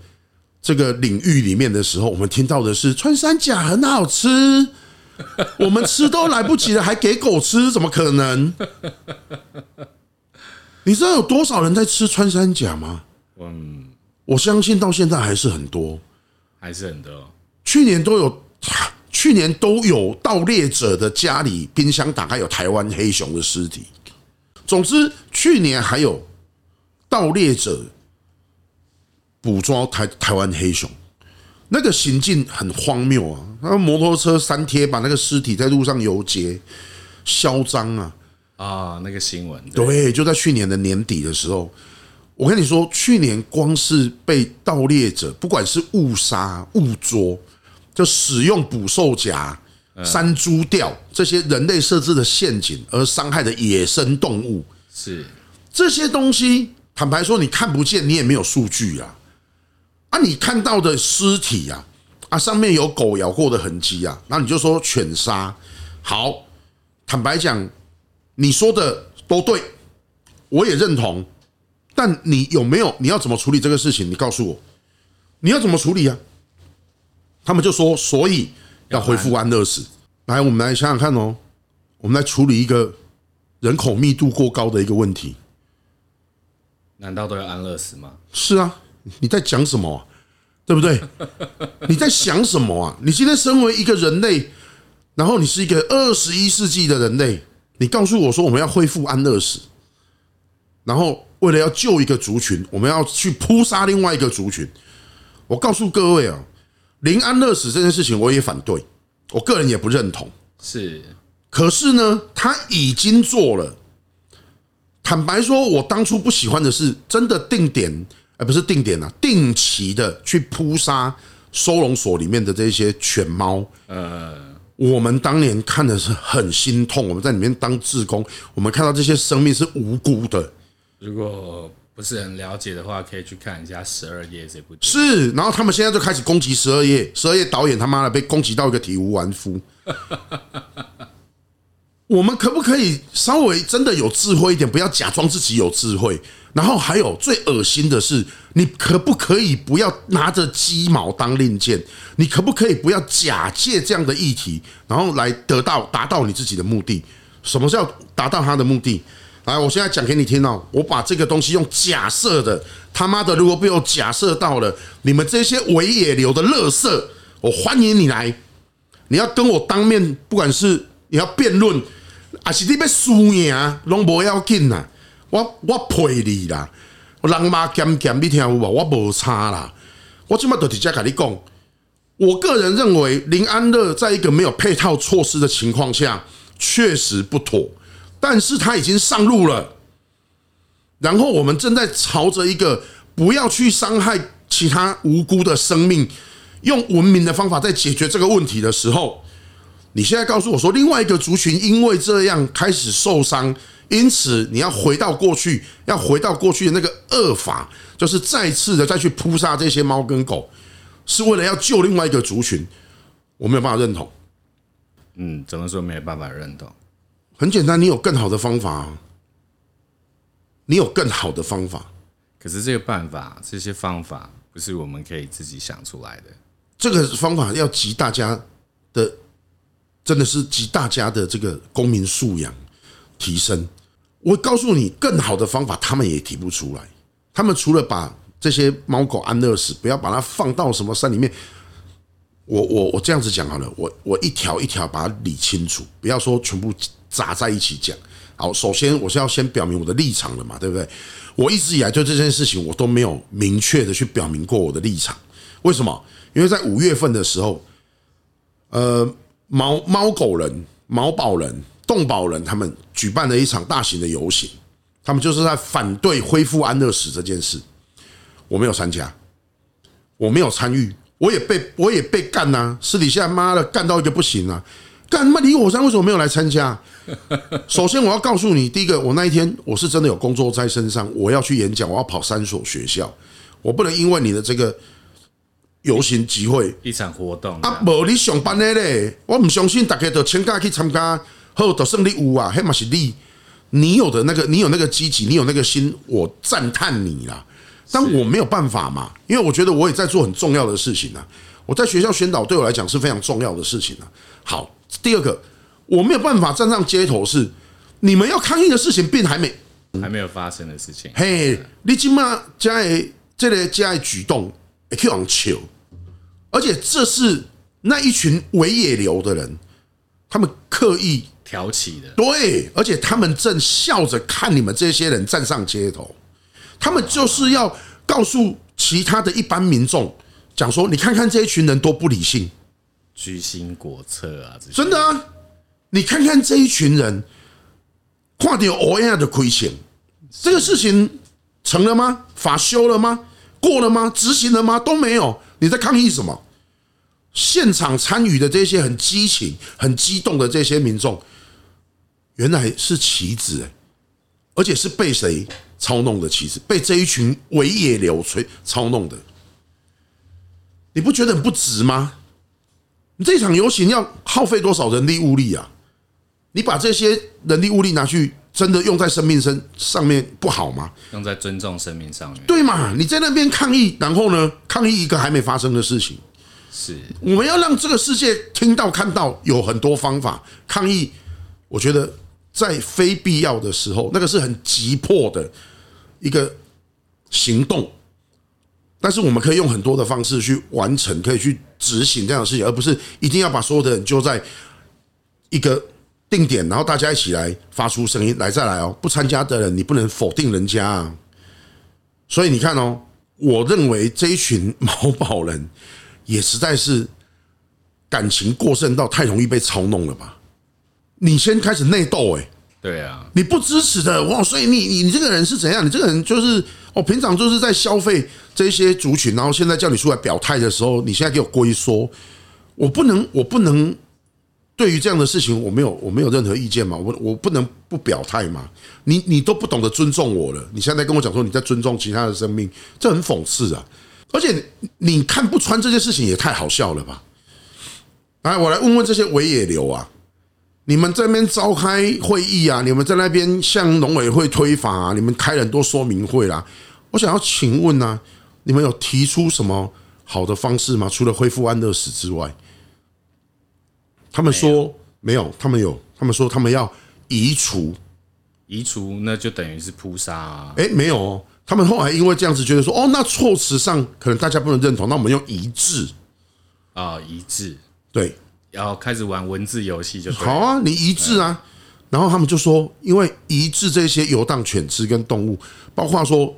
這個領域裡面的時候，我們聽到的是穿山甲很好吃，我們吃都來不及了，還給狗吃，怎麼可能？你知道有多少人在吃穿山甲嗎？嗯，我相信到現在還是很多，還是很多，去年都有。去年都有盜獵者的家裡冰箱打開，有台灣黑熊的屍體。總之，去年還有盜獵者捕捉台台灣黑熊，那個行徑很荒謬啊！那摩托車三貼，把那個屍體在路上遊街，囂張啊！啊，那個新聞對，就在去年的年底的時候，我跟你說，去年光是被盜獵者，不管是誤殺誤捉，就使用捕獸夾、山豬吊這些人類設置的陷阱而傷害的野生動物，是這些東西。坦白說，你看不見，你也沒有數據啊。啊，你看到的屍體呀，啊，啊，上面有狗咬過的痕跡啊，那你就說犬殺。好，坦白講，你說的都對，我也認同。但你有沒有？你要怎麼處理這個事情？你告訴我，你要怎麼處理呀，啊？他們就說：“所以要恢復安樂死。”來，我們來想想看哦。我們來處理一個人口密度過高的一個問題。難道都要安樂死嗎？是啊，你在講什麼啊？對不對？你在想什麼啊？你今天身為一個人類，然後你是一個二十一世紀的人類，你告訴我說我們要恢復安樂死，然後為了要救一個族群，我們要去撲殺另外一個族群。我告訴各位啊！零安樂死這件事情，我也反對，我個人也不認同。是，可是呢，他已經做了。坦白說，我當初不喜歡的是真的定點，而不是定點啊。定期的去撲殺收容所裡面的這些犬貓。呃，我們當年看的是很心痛，我們在裡面當志工，我們看到這些生命是無辜的。如果不是很了解的話，可以去看一下《十二夜》這部劇。是，然後他們現在就開始攻擊《十二夜》，《十二夜》導演他媽的被攻擊到一個體無完膚。 我們可不可以稍微真的有智慧一點，不要假裝自己有智慧？然後還有最惡心的是，你可不可以不要拿着雞毛當令箭？你可不可以不要假借這樣的議題，然後來得到達到你自己的目的？什麼叫達到他的目的？來，我現在講給你聽哦、喔，我把這個東西用假設的，他媽的，如果被我假設到了，你們這些尾野流的垃圾，我歡迎你來，你要跟我當面，不管是你要辯論，還是你要輸贏啊，都不要緊吶，我我賠你啦，我你媽兼兼，你聽不我我無差啦，我今麥都直接跟你講，我個人認為林安樂在一個沒有配套措施的情況下，確實不妥。但是他已經上路了，然後我們正在朝着一個不要去傷害其他無辜的生命，用文明的方法在解決這個問題的時候，你現在告訴我說另外一個族群因為這樣開始受傷，因此你要回到過去，要回到過去的那個惡法，就是再次的再去撲殺這些貓跟狗，是為了要救另外一個族群，我沒有辦法認同。嗯，怎麼說沒有辦法認同？很簡單，你有更好的方法啊！你有更好的方法。可是這個辦法，這些方法不是我們可以自己想出來的。這個方法要集大家的，真的是集大家的這個公民素養提升。我告訴你，更好的方法他們也提不出來。他們除了把這些貓狗安樂死，不要把它放到什麼山裡面。我我我這樣子講好了，我我一條一條把它理清楚，不要說全部。砸在一起講，好，首先我是要先表明我的立場了嘛，對不對？我一直以來對這件事情，我都沒有明確的去表明過我的立場。為什麼？因為在五月份的時候，呃，貓貓狗人、貓保人、動保人他們舉辦了一場大型的遊行，他們就是在反對恢復安樂死這件事。我沒有參加，我沒有參與，我也被我也被幹吶，私底下媽的幹到一個不行啊！幹什麼？李火山為什麼沒有來參加？首先，我要告訴你，第一個，我那一天我是真的有工作在身上，我要去演講，我要跑三所學校，我不能因為你的這個遊行集會一場活動啊！不，你上班的嘞，我不相信大家都請假去參加後都勝利屋啊！黑馬西力，你有的那個，你有那個積極，你有那個心，我讚嘆你啦！但我沒有辦法嘛，因為我覺得我也在做很重要的事情啊。我在學校宣導，對我來講是非常重要的事情啊。好。第二個，我沒有辦法站上街頭，是你們要抗議的事情，並還沒還沒有發生的事情、啊。嘿，你今嘛加欸這類加欸舉動，可以往球，而且這是那一群維也流的人，他們刻意挑起的。對，而且他們正笑着看你們這些人站上街頭，他們就是要告訴其他的一般民眾，講說，你看看這一群人多不理性。居心叵測啊！真的啊，你看看這一群人，快點歐亞的虧錢，這個事情成了嗎？法修了嗎？過了嗎？執行了嗎？都沒有。你在抗議什麼？現場參與的這些很激情、很激動的這些民眾，原來是棋子，而且是被誰操弄的棋子，被這一群尾野流吹操弄的。你不覺得很不值嗎？這場遊行要耗費多少人力物力啊？你把這些人力物力拿去，真的用在生命上上面不好嗎？用在尊重生命上面，對嘛？你在那邊抗議，然後呢？抗議一個還沒發生的事情，是。我們要讓這個世界聽到、看到，有很多方法抗議。我覺得在非必要的時候，那個是很急迫的一個行動。但是我們可以用很多的方式去完成，可以去。執行這樣的事情，而不是一定要把所有的人揪在一個定點，然後大家一起來發出聲音來再來哦。不參加的人，你不能否定人家啊。所以你看哦、喔，我認為這一群毛某人也實在是感情過剩到太容易被操弄了吧？你先開始內鬥誒。對啊，你不支持的哇，所以你你你這個人是怎樣？你這個人就是，我平常就是在消費這些族群，然後現在叫你出來表態的時候，你現在給我龜縮。說，我不能，我不能，對於這樣的事情，我沒有，我沒有任何意見嘛，我我不能不表態嘛。你你都不懂得尊重我了，你現在，在跟我講說你在尊重其他的生命，這很諷刺啊！而且你看不穿這些事情也太好笑了吧？來，我來問問這些維野流啊。你們這邊召開會議啊，你們在那邊向農委會推法啊，你們開很多說明會啦。我想要請問啊，你們有提出什麼好的方式嗎？除了恢復安樂死之外，他們說沒有，他們有，他們說他們要移除，移除那就等於是撲殺啊。欸，沒有哦，他們後來因為這樣子覺得說，哦，那措辭上可能大家不能認同，那我們用移置啊，移置，對。然後開始玩文字遊戲，就好啊！你移置啊，然後他們就說，因為移置這些遊蕩犬只跟動物，包括說，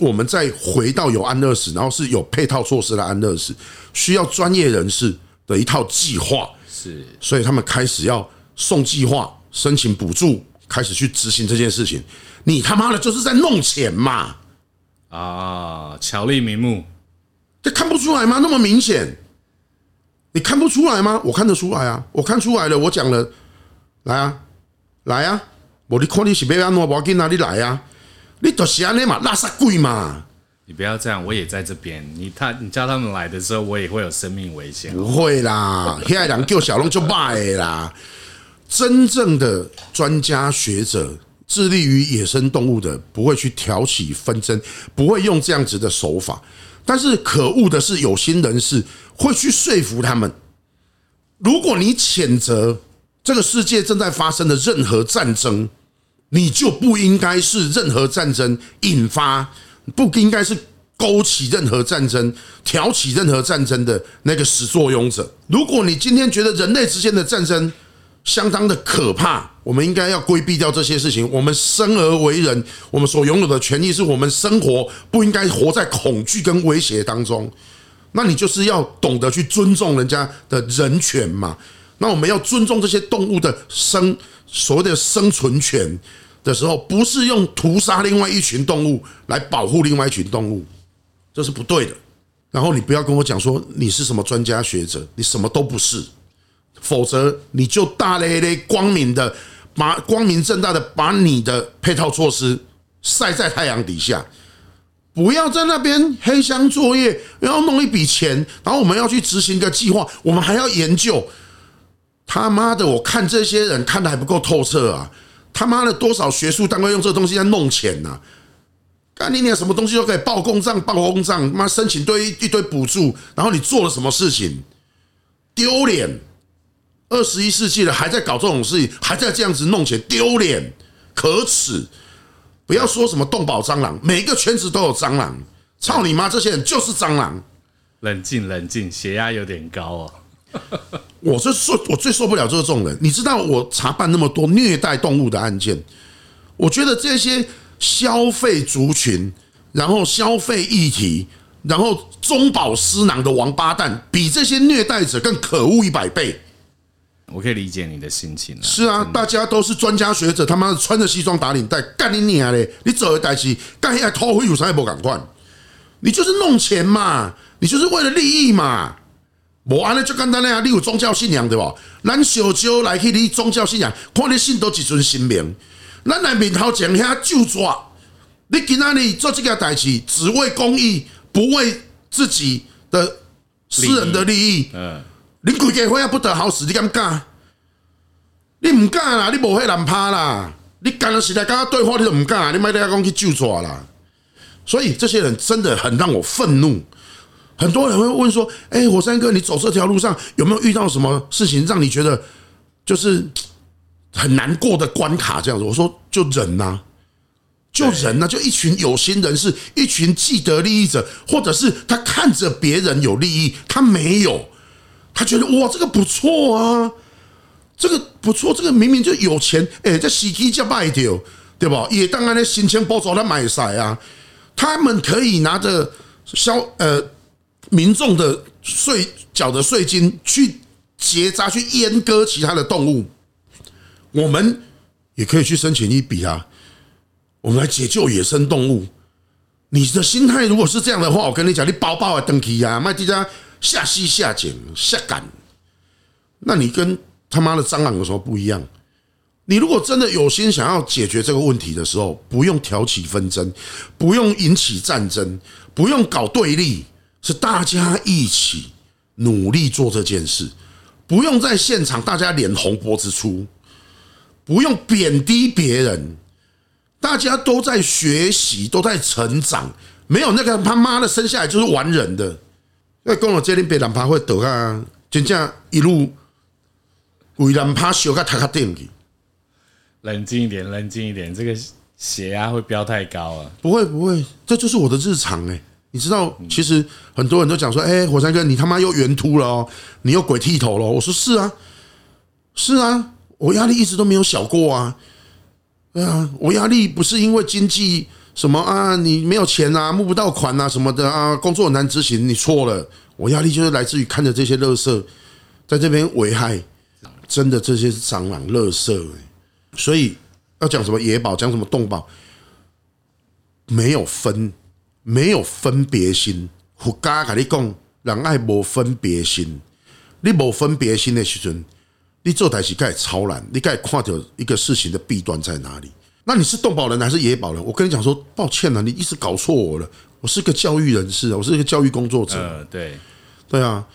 我們再回到有安樂死，然後是有配套措施的安樂死，需要專業人士的一套計劃，是，所以他們開始要送計劃、申請補助，開始去執行這件事情。你他媽的就是在弄錢嘛！啊，巧立名目，這看不出來嗎？那麼明顯。你看不出來嗎？我看得出來啊！我看出來了，我講了，來啊，來啊！我你看你是咩啊？我報警啊！你來啊！你就是啊你嘛，垃圾鬼嘛！你不要這樣，我也在這邊。你他，你叫他們來的時候，我也會有生命危險。不會啦，嚇兩條小龍就賣啦！真正的專家學者，致力於野生動物的，不會去挑起紛爭，不會用這樣子的手法。但是可惡的是，有心人士會去說服他們。如果你譴責這個世界正在發生的任何戰爭，你就不應該是任何戰爭引發、不應該是勾起任何戰爭、挑起任何戰爭的那個始作俑者。如果你今天覺得人類之間的戰爭，相當的可怕，我們應該要規避掉這些事情。我們生而為人，我們所擁有的權利是我們生活不應該活在恐懼跟威脅當中。那你就是要懂得去尊重人家的人權嘛。那我們要尊重這些動物的生，所謂的生存權的時候，不是用屠殺另外一群動物來保護另外一群動物，這是不對的。然後你不要跟我講說你是什麼專家學者，你什麼都不是。否則，你就大咧咧、光明的把光明正大的把你的配套措施曬在太陽底下，不要在那邊黑箱作業，要弄一筆錢，然後我們要去執行一個計劃，我們還要研究。他媽的，我看這些人看得還不夠透徹啊！他媽的，多少學術單位用這東西在弄錢啊，幹你你有什麼東西都可以報公賬，報公賬，媽申請堆一堆補助，然後你做了什麼事情？丟臉！二十一世紀了，還在搞這種事情，還在這樣子弄起來，丟臉可恥！不要說什麼動保蟑螂，每個圈子都有蟑螂，操你媽！這些人就是蟑螂。冷靜，冷靜，血壓有點高哦。我這受我最受不了就是這種人。你知道我查辦那麼多虐待動物的案件，我覺得這些消費族群，然後消費議題，然後中飽私囊的王八蛋，比這些虐待者更可惡一百倍。我可以理解你的心情啊，是啊，大家都是專家學者，他媽的穿着西裝打領帶幹你娘嘞！你做的代志，幹遐土匪有啥不同？你就是弄錢嘛，你就是為了利益嘛。沒安尼就簡單了。啊，你有宗教信仰對吧？咱小舅來去你宗教信仰，看你信多幾尊神明。咱來面頭前，遐舊抓，你今天你做這個代志，只為公益，不為自己的私人的利益。利益嗯。你全家火不得好死！你敢幹？你唔幹啦！你不會難拍啦！你幹啊！實在敢對話你都唔幹啊！你賣得啊講去就坐啦！所以這些人真的很讓我憤怒。很多人會問說：“哎，火山哥，你走這條路上有沒有遇到什麼事情讓你覺得就是很難過的關卡？”這樣子，我說就忍吶、啊，就忍吶、啊。啊、就一群有心人士，是一群既得利益者，或者是他看着別人有利益，他沒有。他覺得哇，這個不錯啊，這個不錯，這個明明就有錢，哎，這洗機叫賣掉，對吧？也當然呢，金錢包裝他買啥呀？他們可以拿着消呃民眾的稅繳的稅金去結紮去閹割其他的動物，我們也可以去申請一筆啊，我們來解救野生動物。你的心態如果是這樣的話，我跟你講，你包包的登記啊賣地價。下細下剪下趕，那你跟他媽的蟑螂有什麼不一樣？你如果真的有心想要解決這個問題的時候，不用挑起紛爭，不用引起戰爭，不用搞對立，是大家一起努力做這件事。不用在現場大家臉紅脖子粗，不用貶低別人，大家都在學習，都在成長。沒有那個他媽的生下來就是完人的。因為講了這裡被人怕會倒啊，真正一路為冷怕小個塔克定去。冷靜一點，冷靜一點，這個血壓會飆太高了。不會不會，這就是我的日常哎。你知道，其實很多人都講說，哎、嗯欸，火山哥，你他媽又圓禿了，你又鬼剃頭了。我說是啊，是啊，是啊，我壓力一直都沒有小過啊。對啊，我壓力不是因為經濟。什麼啊？你沒有錢啊，募不到款啊，什麼的啊？工作難執行，你錯了。我壓力就是來自於看着這些垃圾，在這邊危害，真的這些蟑螂、垃圾、欸。所以要講什麼野保，講什麼動保，沒有分，沒有分別心。佛家跟你講，人愛沒分別心。你沒分別心的時陣，你做台是該超然，你該看到一個事情的弊端在哪裡。那你是動保人還是野保人？我跟你講說，抱歉了。你一直搞錯我了。我是個教育人士，我是一個教育工作者。對，對啊。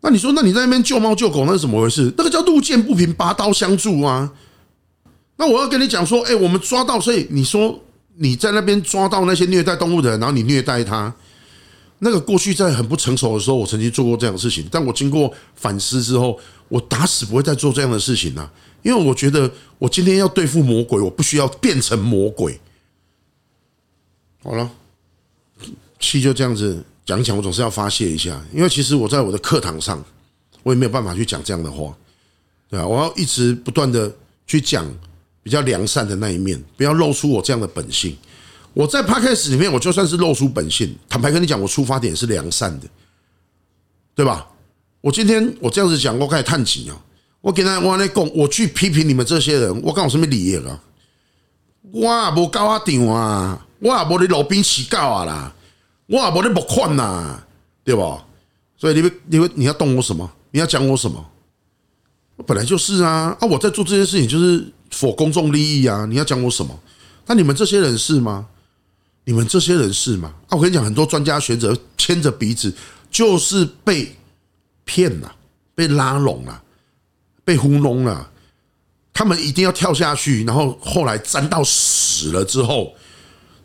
那你說，那你在那邊救貓救狗，那是怎麼回事？那個叫路見不平，拔刀相助啊。那我要跟你講說，哎，我們抓到，所以你說你在那邊抓到那些虐待動物的人，然後你虐待他，那個過去在很不成熟的時候，我曾經做過這樣的事情，但我經過反思之後，我打死不會再做這樣的事情了啊。因為我覺得我今天要對付魔鬼，我不需要變成魔鬼。好了，氣就這樣子講一講，我總是要發洩一下。因為其實我在我的課堂上，我也沒有辦法去講這樣的話，對吧、啊？我要一直不斷的去講比較良善的那一面，不要露出我這樣的本性。我在 Podcast 裡面，我就算是露出本性，坦白跟你講，我出發點是良善的，對吧？我今天我這樣子講，我開始嘆氣啊。我跟他，我跟你講，我去批評你們這些人，我講有什麼利益啊？我啊無交阿定啊，我啊無你老兵乞告啊啦，我啊無你木款啊，對吧？所以你們你們你要動我什麼？你要講我什麼？我本來就是啊啊！我在做這件事情就是否公眾利益啊！你要講我什麼？那你們這些人是嗎？你們這些人是嗎？啊！我跟你講，很多專家學者牽着鼻子就是被騙了，被拉攏了。被糊弄了、啊，他們一定要跳下去，然後後來沾到屎了之後，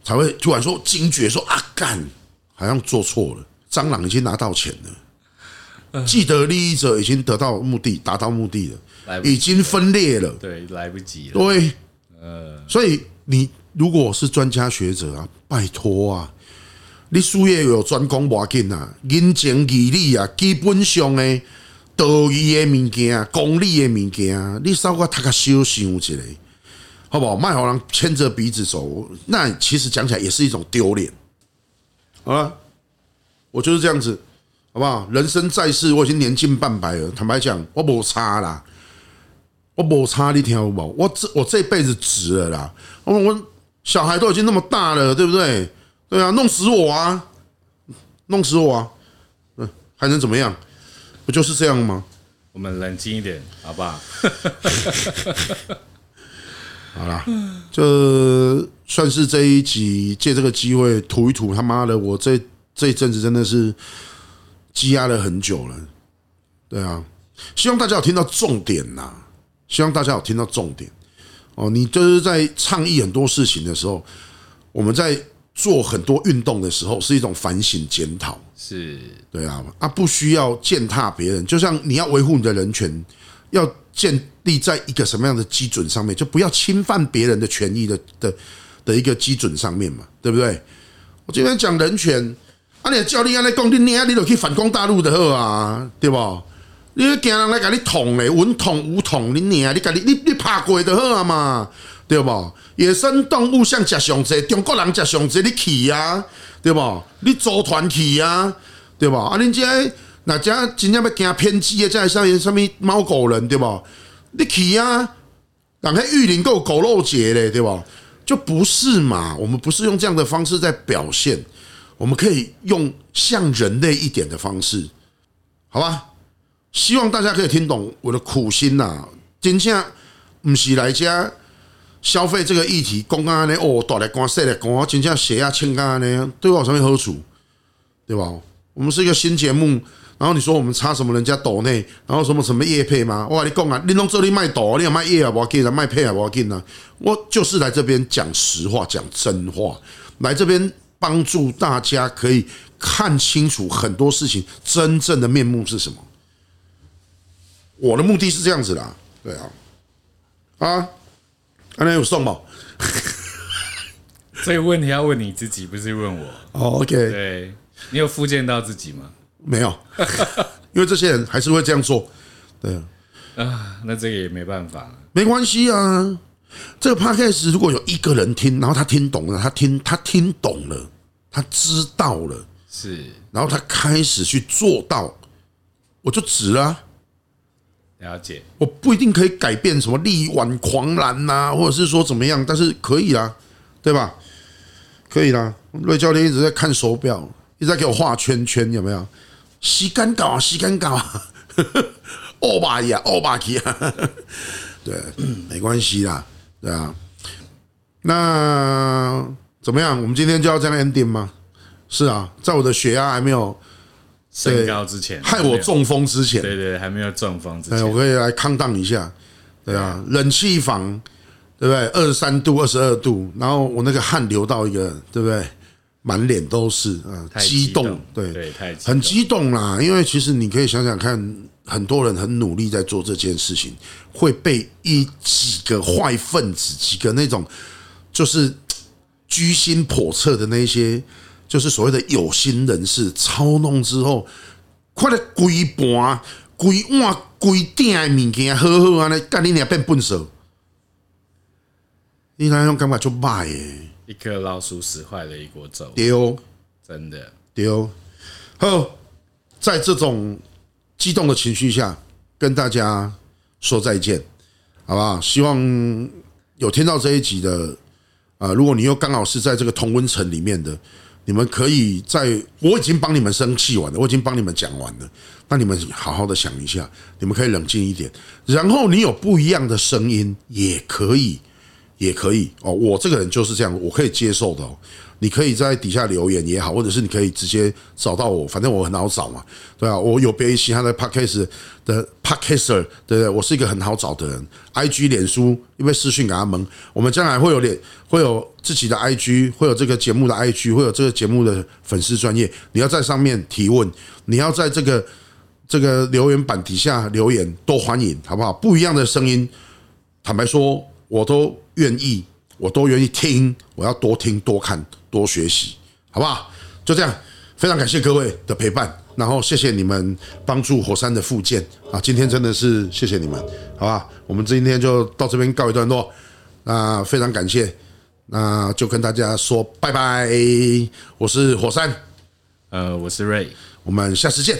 才會突然說驚覺說啊幹，好像做錯了。蟑螂已經拿到錢了，既得利益者已經得到目的，達到目的了，已經分裂了，對，來不及了，對，呃，所以你如果是專家學者啊，拜託啊，你術業有專攻華經啊，人情義理啊，基本上呢。道義的物件啊，公理的物件啊，你稍微踏個小心一下，好不好？麥好讓人牽着鼻子走，那其實講起來也是一種丟臉。好啊！我就是這樣子，好不好？人生在世，我已經年近半百了。坦白講，我不差啦，我不差。你聽無？我這我這輩子值了啦！我我小孩都已經那麼大了，對不對？對啊，弄死我啊！弄死我啊！嗯，還能怎麼樣？不就是這樣嗎？我們冷靜一點，好不好？好了，就算是這一集借這個機會吐一吐。他媽的，我這這一陣子真的是積壓了很久了。對啊，希望大家有聽到重點吶！希望大家有聽到重點哦。你就是在倡議很多事情的時候，我們在。做很多運動的時候是一種反省檢討，是對啊，啊不需要踐踏別人，就像你要維護你的人權，要建立在一個什麼樣的基準上面，就不要侵犯別人的權益的的的一個基準上面嘛，對不對？我今天講人權，啊，你叫你啊，你講你你啊，你就可以反攻大陸的好啊，對吧？你要叫人來給你捅嘞，文捅武捅，你動動你啊，你跟你你你怕鬼的好啊嘛。對吧？野生動物像吃熊子，中國人吃熊子，你去呀、啊？對吧？你組團去呀、啊？對吧？啊，你這那這真正要驚偏激的，在上什麼貓狗人？對吧？你去呀、啊？人家玉林有狗肉節嘞，對吧？就不是嘛？我們不是用這樣的方式在表現，我們可以用像人類一點的方式，好吧？希望大家可以聽懂我的苦心吶、啊！真正唔是來這。消費這個議題，講剛呢，哦，大力講、細力講，真正寫啊、聽啊呢，對我有什麼好處？對吧？我們是一個新節目，然後你說我們差什麼？人家鬥內，然後什麼什麼業配嗎？我跟你講啊，你弄這裡賣鬥，你有賣業啊？無要緊啊賣配啊？無要緊啊。我就是來這邊講實話、講真話，來這邊幫助大家可以看清楚很多事情真正的面目是什麼。我的目的是這樣子的，對啊，啊。剛才有送嗎？所以問題要問你自己，不是問我。Oh，OK，對，你有復健到自己嗎？沒有，因為這些人還是會這樣做。對啊，那這個也沒辦法。沒關係啊，這個 Podcast 如果有一個人聽，然後他聽懂了，他聽他聽懂了，他知道了，是，然後他開始去做到，我就值了啊。了解，我不一定可以改變什麼力挽狂瀾吶，或者是說怎麼樣，但是可以啊，對吧？可以啦，Rey 教練一直在看手表，一直在給我畫圈圈，有沒有？死尷尬，死尷尬，歐巴呀，歐巴呀，對、嗯，沒關係啦，對啊。那怎麼樣？我們今天就要這樣 ending 嗎？是啊，在我的血壓還沒有。升高之前，害我中風之前，對，對對，還沒有中風之前，我可以來抗擋一下，對啊，冷氣房，對不對？二十三度、二十二度，然後我那個汗流到一個，對不對？滿臉都是，啊、呃，激動，對對，太激動，很激動啦。因為其實你可以想想看，很多人很努力在做這件事情，會被一幾個壞分子、幾個那種就是居心叵測的那些。就是所謂的有心人士操弄之後，看咧規盤、規碗、規鼎的物件，好好啊！你、你、你還變笨手，你那種感覺就賣誒！一顆老鼠屎壞了一鍋粥，丟，真的丟。好，在這種激動的情緒下，跟大家說再見，好不好？希望有聽到這一集的啊，如果你又剛好是在這個同溫層裡面的。你們可以在我已經幫你們生氣完了，我已經幫你們講完了。那你們好好的想一下，你們可以冷靜一點。然後你有不一樣的聲音，也可以，也可以哦。我這個人就是這樣，我可以接受的。你可以在底下留言也好，或者是你可以直接找到我，反正我很好找嘛，對啊，我有別於其他的 podcast 的 podcaster 對，我是一個很好找的人。IG 臉書，因為私訊給他們，我們將來會有臉，會有自己的 IG，會有這個節目的 IG，會有這個節目的粉絲專頁。你要在上面提問，你要在這個這個留言板底下留言，都歡迎，好不好？不一樣的聲音，坦白說，我都願意。我都願意聽，我要多聽多看多學習，好不好？就這樣，非常感謝各位的陪伴，然後謝謝你們幫助火山的復健啊！今天真的是謝謝你們，好吧？我們今天就到這邊告一段落，那非常感謝，那就跟大家說拜拜。我是火山，呃，我是 Rey，我們下次見。